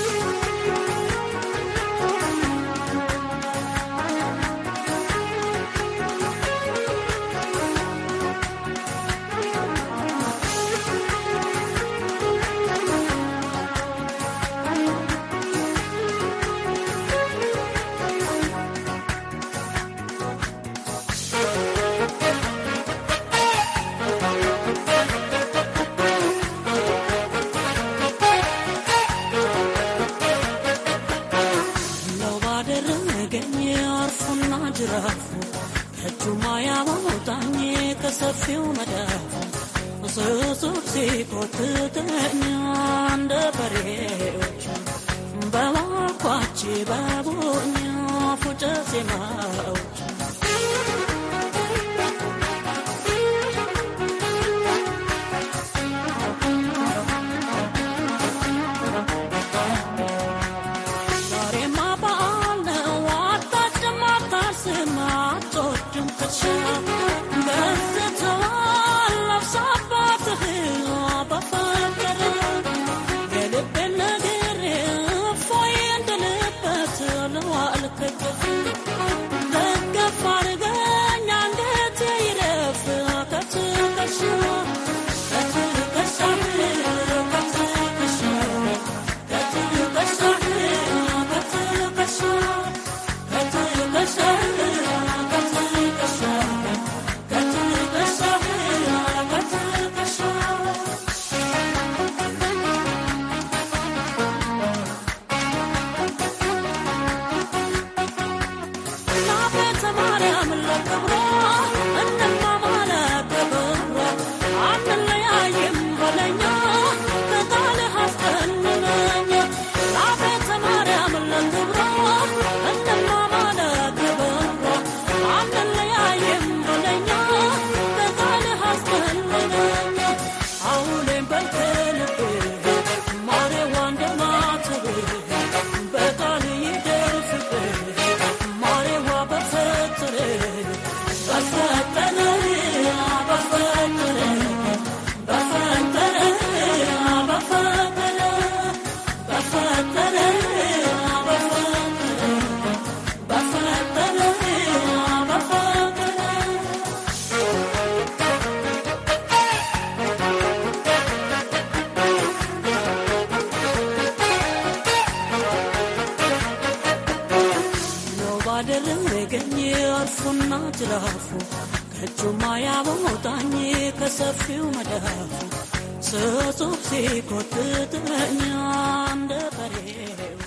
ሲውመዳ ስሱር ሲኮትተኛ እንደ በሬዎች በላኳች ባቦኛ ፉጨ ሴማው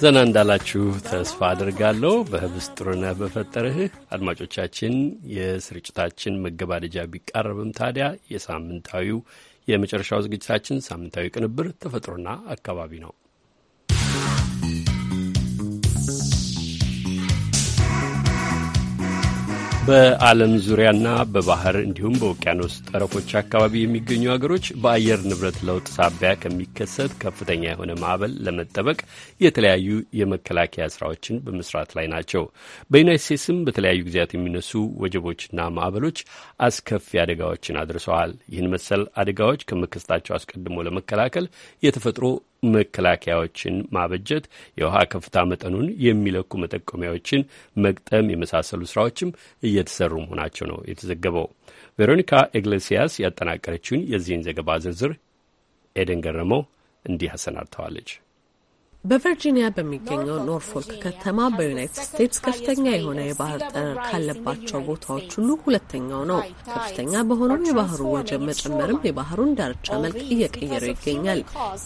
ዘና እንዳላችሁ ተስፋ አድርጋለሁ። በህብስ ጥሩነህ በፈጠርህ አድማጮቻችን፣ የስርጭታችን መገባደጃ ቢቃረብም ታዲያ የሳምንታዊው የመጨረሻው ዝግጅታችን ሳምንታዊ ቅንብር ተፈጥሮና አካባቢ ነው። በዓለም ዙሪያና በባህር እንዲሁም በውቅያኖስ ጠረፎች አካባቢ የሚገኙ አገሮች በአየር ንብረት ለውጥ ሳቢያ ከሚከሰት ከፍተኛ የሆነ ማዕበል ለመጠበቅ የተለያዩ የመከላከያ ስራዎችን በመስራት ላይ ናቸው። በዩናይት ስቴትስም በተለያዩ ጊዜያት የሚነሱ ወጀቦችና ማዕበሎች አስከፊ አደጋዎችን አድርሰዋል። ይህን መሰል አደጋዎች ከመከሰታቸው አስቀድሞ ለመከላከል የተፈጥሮ መከላከያዎችን ማበጀት፣ የውሃ ከፍታ መጠኑን የሚለኩ መጠቆሚያዎችን መግጠም የመሳሰሉ ስራዎችም እየተሰሩ መሆናቸው ነው የተዘገበው። ቬሮኒካ ኤግሌሲያስ ያጠናቀረችውን የዚህን ዘገባ ዝርዝር ኤደን ገረመው እንዲህ አሰናድተዋለች። በቨርጂኒያ በሚገኘው ኖርፎልክ ከተማ በዩናይትድ ስቴትስ ከፍተኛ የሆነ የባህር ጠረር ካለባቸው ቦታዎች ሁሉ ሁለተኛው ነው። ከፍተኛ በሆነው የባህሩ ወጀብ መጨመርም የባህሩን ዳርቻ መልክ እየቀየረው ይገኛል።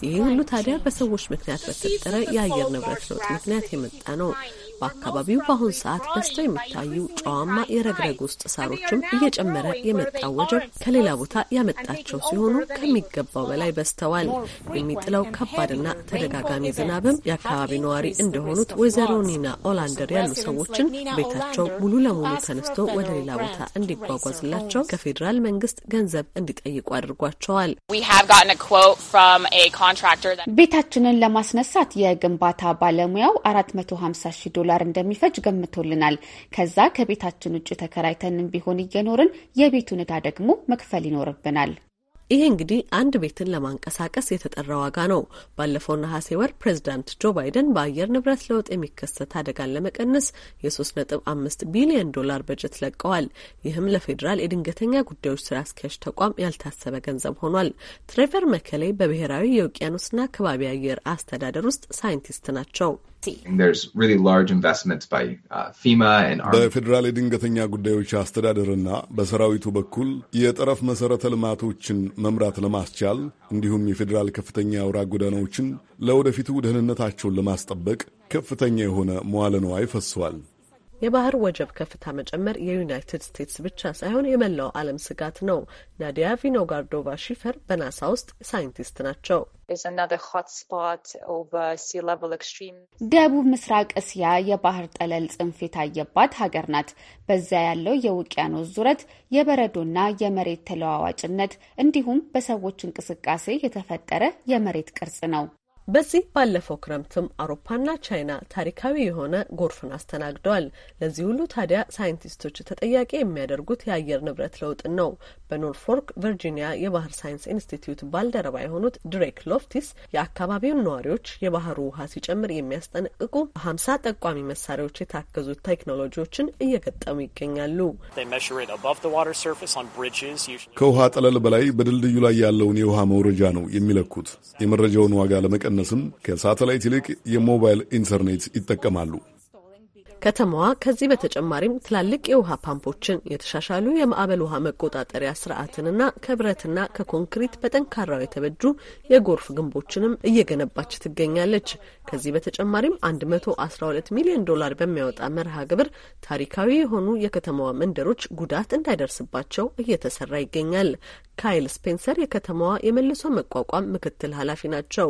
ይህ ሁሉ ታዲያ በሰዎች ምክንያት በተፈጠረ የአየር ንብረት ለውጥ ምክንያት የመጣ ነው። በአካባቢው በአሁን ሰዓት በስተው የሚታዩ ጨዋማ የረግረግ ውስጥ ሳሮችም እየጨመረ የመጣ ወጀብ ከሌላ ቦታ ያመጣቸው ሲሆኑ ከሚገባው በላይ በዝተዋል። የሚጥለው ከባድና ተደጋጋሚ ዝናብ ህዝብም የአካባቢ ነዋሪ እንደሆኑት ወይዘሮ ኒና ኦላንደር ያሉ ሰዎችን ቤታቸው ሙሉ ለሙሉ ተነስቶ ወደ ሌላ ቦታ እንዲጓጓዝላቸው ከፌዴራል መንግስት ገንዘብ እንዲጠይቁ አድርጓቸዋል። ቤታችንን ለማስነሳት የግንባታ ባለሙያው 450 ሺህ ዶላር እንደሚፈጅ ገምቶልናል። ከዛ ከቤታችን ውጭ ተከራይተንም ቢሆን እየኖርን የቤቱን እዳ ደግሞ መክፈል ይኖርብናል። ይሄ እንግዲህ አንድ ቤትን ለማንቀሳቀስ የተጠራ ዋጋ ነው። ባለፈው ነሐሴ ወር ፕሬዚዳንት ጆ ባይደን በአየር ንብረት ለውጥ የሚከሰት አደጋን ለመቀነስ የ3.5 ቢሊዮን ዶላር በጀት ለቀዋል። ይህም ለፌዴራል የድንገተኛ ጉዳዮች ስራ አስኪያጅ ተቋም ያልታሰበ ገንዘብ ሆኗል። ትሬቨር መከሌይ በብሔራዊ የውቅያኖስና ከባቢ አየር አስተዳደር ውስጥ ሳይንቲስት ናቸው። Uh, በፌዴራል የድንገተኛ ጉዳዮች አስተዳደርና በሰራዊቱ በኩል የጠረፍ መሠረተ ልማቶችን መምራት ለማስቻል እንዲሁም የፌዴራል ከፍተኛ አውራ ጎዳናዎችን ለወደፊቱ ደህንነታቸውን ለማስጠበቅ ከፍተኛ የሆነ መዋለ ንዋይ የባህር ወጀብ ከፍታ መጨመር የዩናይትድ ስቴትስ ብቻ ሳይሆን የመላው ዓለም ስጋት ነው። ናዲያ ቪኖጋርዶቫ ሺፈር በናሳ ውስጥ ሳይንቲስት ናቸው። Uh, ደቡብ ምስራቅ እስያ የባህር ጠለል ጽንፍ የታየባት ሀገር ናት። በዚያ ያለው የውቅያኖስ ዙረት የበረዶና የመሬት ተለዋዋጭነት እንዲሁም በሰዎች እንቅስቃሴ የተፈጠረ የመሬት ቅርጽ ነው። በዚህ ባለፈው ክረምትም አውሮፓና ቻይና ታሪካዊ የሆነ ጎርፍን አስተናግደዋል። ለዚህ ሁሉ ታዲያ ሳይንቲስቶች ተጠያቂ የሚያደርጉት የአየር ንብረት ለውጥን ነው። በኖርፎርክ ቨርጂኒያ የባህር ሳይንስ ኢንስቲትዩት ባልደረባ የሆኑት ድሬክ ሎፍቲስ የአካባቢውን ነዋሪዎች የባህሩ ውሃ ሲጨምር የሚያስጠነቅቁ ሀምሳ ጠቋሚ መሳሪያዎች የታገዙ ቴክኖሎጂዎችን እየገጠሙ ይገኛሉ። ከውሃ ጠለል በላይ በድልድዩ ላይ ያለውን የውሃ መውረጃ ነው የሚለኩት። የመረጃውን ዋጋ ለመቀነስ በመቀነስም ከሳተላይት ይልቅ የሞባይል ኢንተርኔት ይጠቀማሉ። ከተማዋ ከዚህ በተጨማሪም ትላልቅ የውሃ ፓምፖችን፣ የተሻሻሉ የማዕበል ውሃ መቆጣጠሪያ ስርዓትንና ከብረትና ከኮንክሪት በጠንካራው የተበጁ የጎርፍ ግንቦችንም እየገነባች ትገኛለች። ከዚህ በተጨማሪም 112 ሚሊዮን ዶላር በሚያወጣ መርሃ ግብር ታሪካዊ የሆኑ የከተማዋ መንደሮች ጉዳት እንዳይደርስባቸው እየተሰራ ይገኛል። ካይል ስፔንሰር የከተማዋ የመልሶ መቋቋም ምክትል ኃላፊ ናቸው።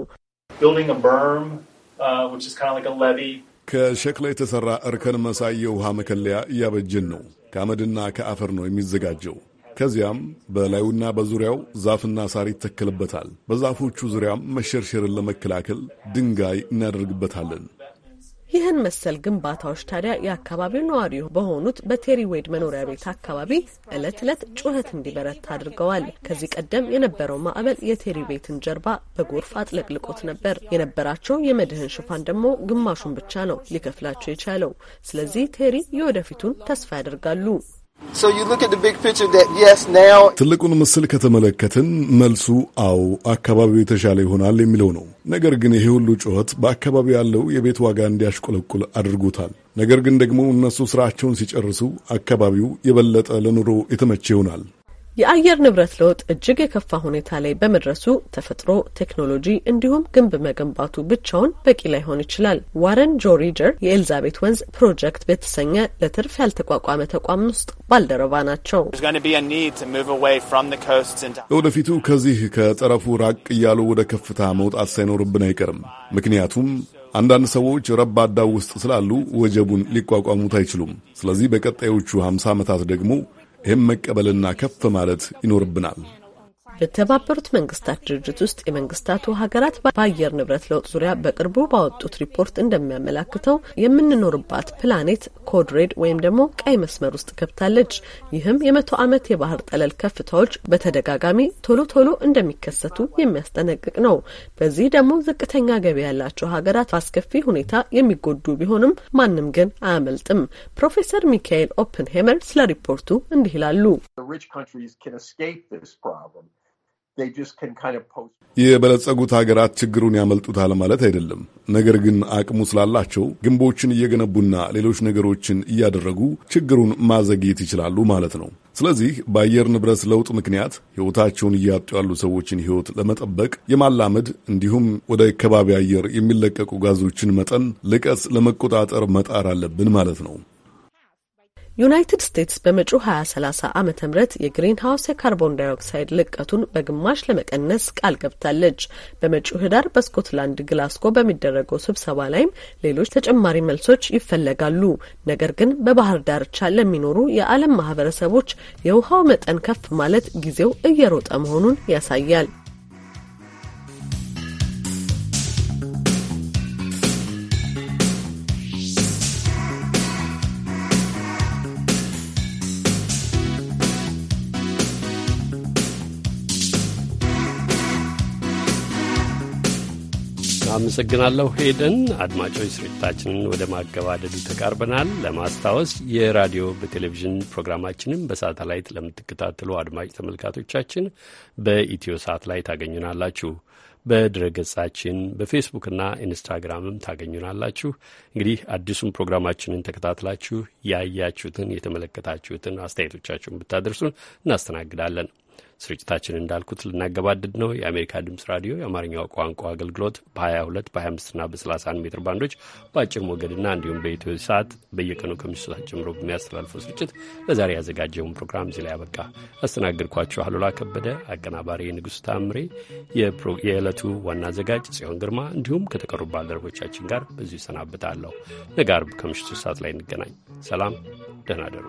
building a berm, uh, which is kind of like a levee. ከሸክላ የተሠራ እርከን መሳይ የውሃ መከለያ እያበጅን ነው። ከአመድና ከአፈር ነው የሚዘጋጀው። ከዚያም በላዩና በዙሪያው ዛፍና ሳር ይተከልበታል። በዛፎቹ ዙሪያም መሸርሸርን ለመከላከል ድንጋይ እናደርግበታለን። ይህን መሰል ግንባታዎች ታዲያ የአካባቢው ነዋሪ በሆኑት በቴሪ ዌድ መኖሪያ ቤት አካባቢ ዕለት ዕለት ጩኸት እንዲበረታ አድርገዋል። ከዚህ ቀደም የነበረው ማዕበል የቴሪ ቤትን ጀርባ በጎርፍ አጥለቅልቆት ነበር። የነበራቸው የመድህን ሽፋን ደግሞ ግማሹን ብቻ ነው ሊከፍላቸው የቻለው። ስለዚህ ቴሪ የወደፊቱን ተስፋ ያደርጋሉ። ትልቁን ምስል ከተመለከትን መልሱ አዎ አካባቢው የተሻለ ይሆናል የሚለው ነው። ነገር ግን ይሄ ሁሉ ጩኸት በአካባቢው ያለው የቤት ዋጋ እንዲያሽቆለቁል አድርጎታል። ነገር ግን ደግሞ እነሱ ስራቸውን ሲጨርሱ አካባቢው የበለጠ ለኑሮ የተመቸ ይሆናል። የአየር ንብረት ለውጥ እጅግ የከፋ ሁኔታ ላይ በመድረሱ ተፈጥሮ፣ ቴክኖሎጂ እንዲሁም ግንብ መገንባቱ ብቻውን በቂ ላይሆን ይችላል። ዋረን ጆ ሪጀር የኤልዛቤት ወንዝ ፕሮጀክት በተሰኘ ለትርፍ ያልተቋቋመ ተቋም ውስጥ ባልደረባ ናቸው። ለወደፊቱ ከዚህ ከጠረፉ ራቅ እያሉ ወደ ከፍታ መውጣት ሳይኖርብን አይቀርም። ምክንያቱም አንዳንድ ሰዎች ረባዳው ውስጥ ስላሉ ወጀቡን ሊቋቋሙት አይችሉም። ስለዚህ በቀጣዮቹ 50 ዓመታት ደግሞ ይህም መቀበልና ከፍ ማለት ይኖርብናል። በተባበሩት መንግስታት ድርጅት ውስጥ የመንግስታቱ ሀገራት በአየር ንብረት ለውጥ ዙሪያ በቅርቡ ባወጡት ሪፖርት እንደሚያመላክተው የምንኖርባት ፕላኔት ኮድሬድ ወይም ደግሞ ቀይ መስመር ውስጥ ገብታለች። ይህም የመቶ ዓመት የባህር ጠለል ከፍታዎች በተደጋጋሚ ቶሎ ቶሎ እንደሚከሰቱ የሚያስጠነቅቅ ነው። በዚህ ደግሞ ዝቅተኛ ገቢ ያላቸው ሀገራት በአስከፊ ሁኔታ የሚጎዱ ቢሆንም ማንም ግን አያመልጥም። ፕሮፌሰር ሚካኤል ኦፕንሄመር ስለ ሪፖርቱ እንዲህ ይላሉ። የበለጸጉት ሀገራት ችግሩን ያመልጡታል ማለት አይደለም። ነገር ግን አቅሙ ስላላቸው ግንቦችን እየገነቡና ሌሎች ነገሮችን እያደረጉ ችግሩን ማዘግየት ይችላሉ ማለት ነው። ስለዚህ በአየር ንብረት ለውጥ ምክንያት ሕይወታቸውን እያጡ ያሉ ሰዎችን ሕይወት ለመጠበቅ የማላመድ እንዲሁም ወደ ከባቢ አየር የሚለቀቁ ጋዞችን መጠን ልቀት ለመቆጣጠር መጣር አለብን ማለት ነው። ዩናይትድ ስቴትስ በመጪው 2030 ዓመተ ምህረት የግሪንሃውስ የካርቦን ዳይኦክሳይድ ልቀቱን በግማሽ ለመቀነስ ቃል ገብታለች። በመጪው ህዳር በስኮትላንድ ግላስጎ በሚደረገው ስብሰባ ላይም ሌሎች ተጨማሪ መልሶች ይፈለጋሉ። ነገር ግን በባህር ዳርቻ ለሚኖሩ የዓለም ማህበረሰቦች የውሃው መጠን ከፍ ማለት ጊዜው እየሮጠ መሆኑን ያሳያል። አመሰግናለሁ ሄደን። አድማጮች ስርጭታችንን ወደ ማገባደዱ ተቃርበናል። ለማስታወስ የራዲዮ በቴሌቪዥን ፕሮግራማችንን በሳተላይት ለምትከታተሉ አድማጭ ተመልካቶቻችን በኢትዮ ሳት ላይ ታገኙናላችሁ። በድረገጻችን በፌስቡክና ኢንስታግራምም ታገኙናላችሁ። እንግዲህ አዲሱን ፕሮግራማችንን ተከታትላችሁ ያያችሁትን የተመለከታችሁትን አስተያየቶቻችሁን ብታደርሱን እናስተናግዳለን። ስርጭታችን እንዳልኩት ልናገባድድ ነው። የአሜሪካ ድምጽ ራዲዮ የአማርኛው ቋንቋ አገልግሎት በ22 በ25ና በ31 ሜትር ባንዶች በአጭር ሞገድና እንዲሁም በኢትዮ ሰዓት በየቀኑ ከምሽቱ ሰዓት ጀምሮ በሚያስተላልፈው ስርጭት ለዛሬ ያዘጋጀውን ፕሮግራም እዚህ ላይ ያበቃ። ያስተናግድኳችሁ አሉላ ከበደ፣ አቀናባሪ ንጉሥ ታምሬ፣ የዕለቱ ዋና አዘጋጅ ጽዮን ግርማ እንዲሁም ከተቀሩ ባልደረቦቻችን ጋር በዚሁ ይሰናብታለሁ። ነገ አርብ ከምሽቱ ሰዓት ላይ እንገናኝ። ሰላም፣ ደህና ደሩ።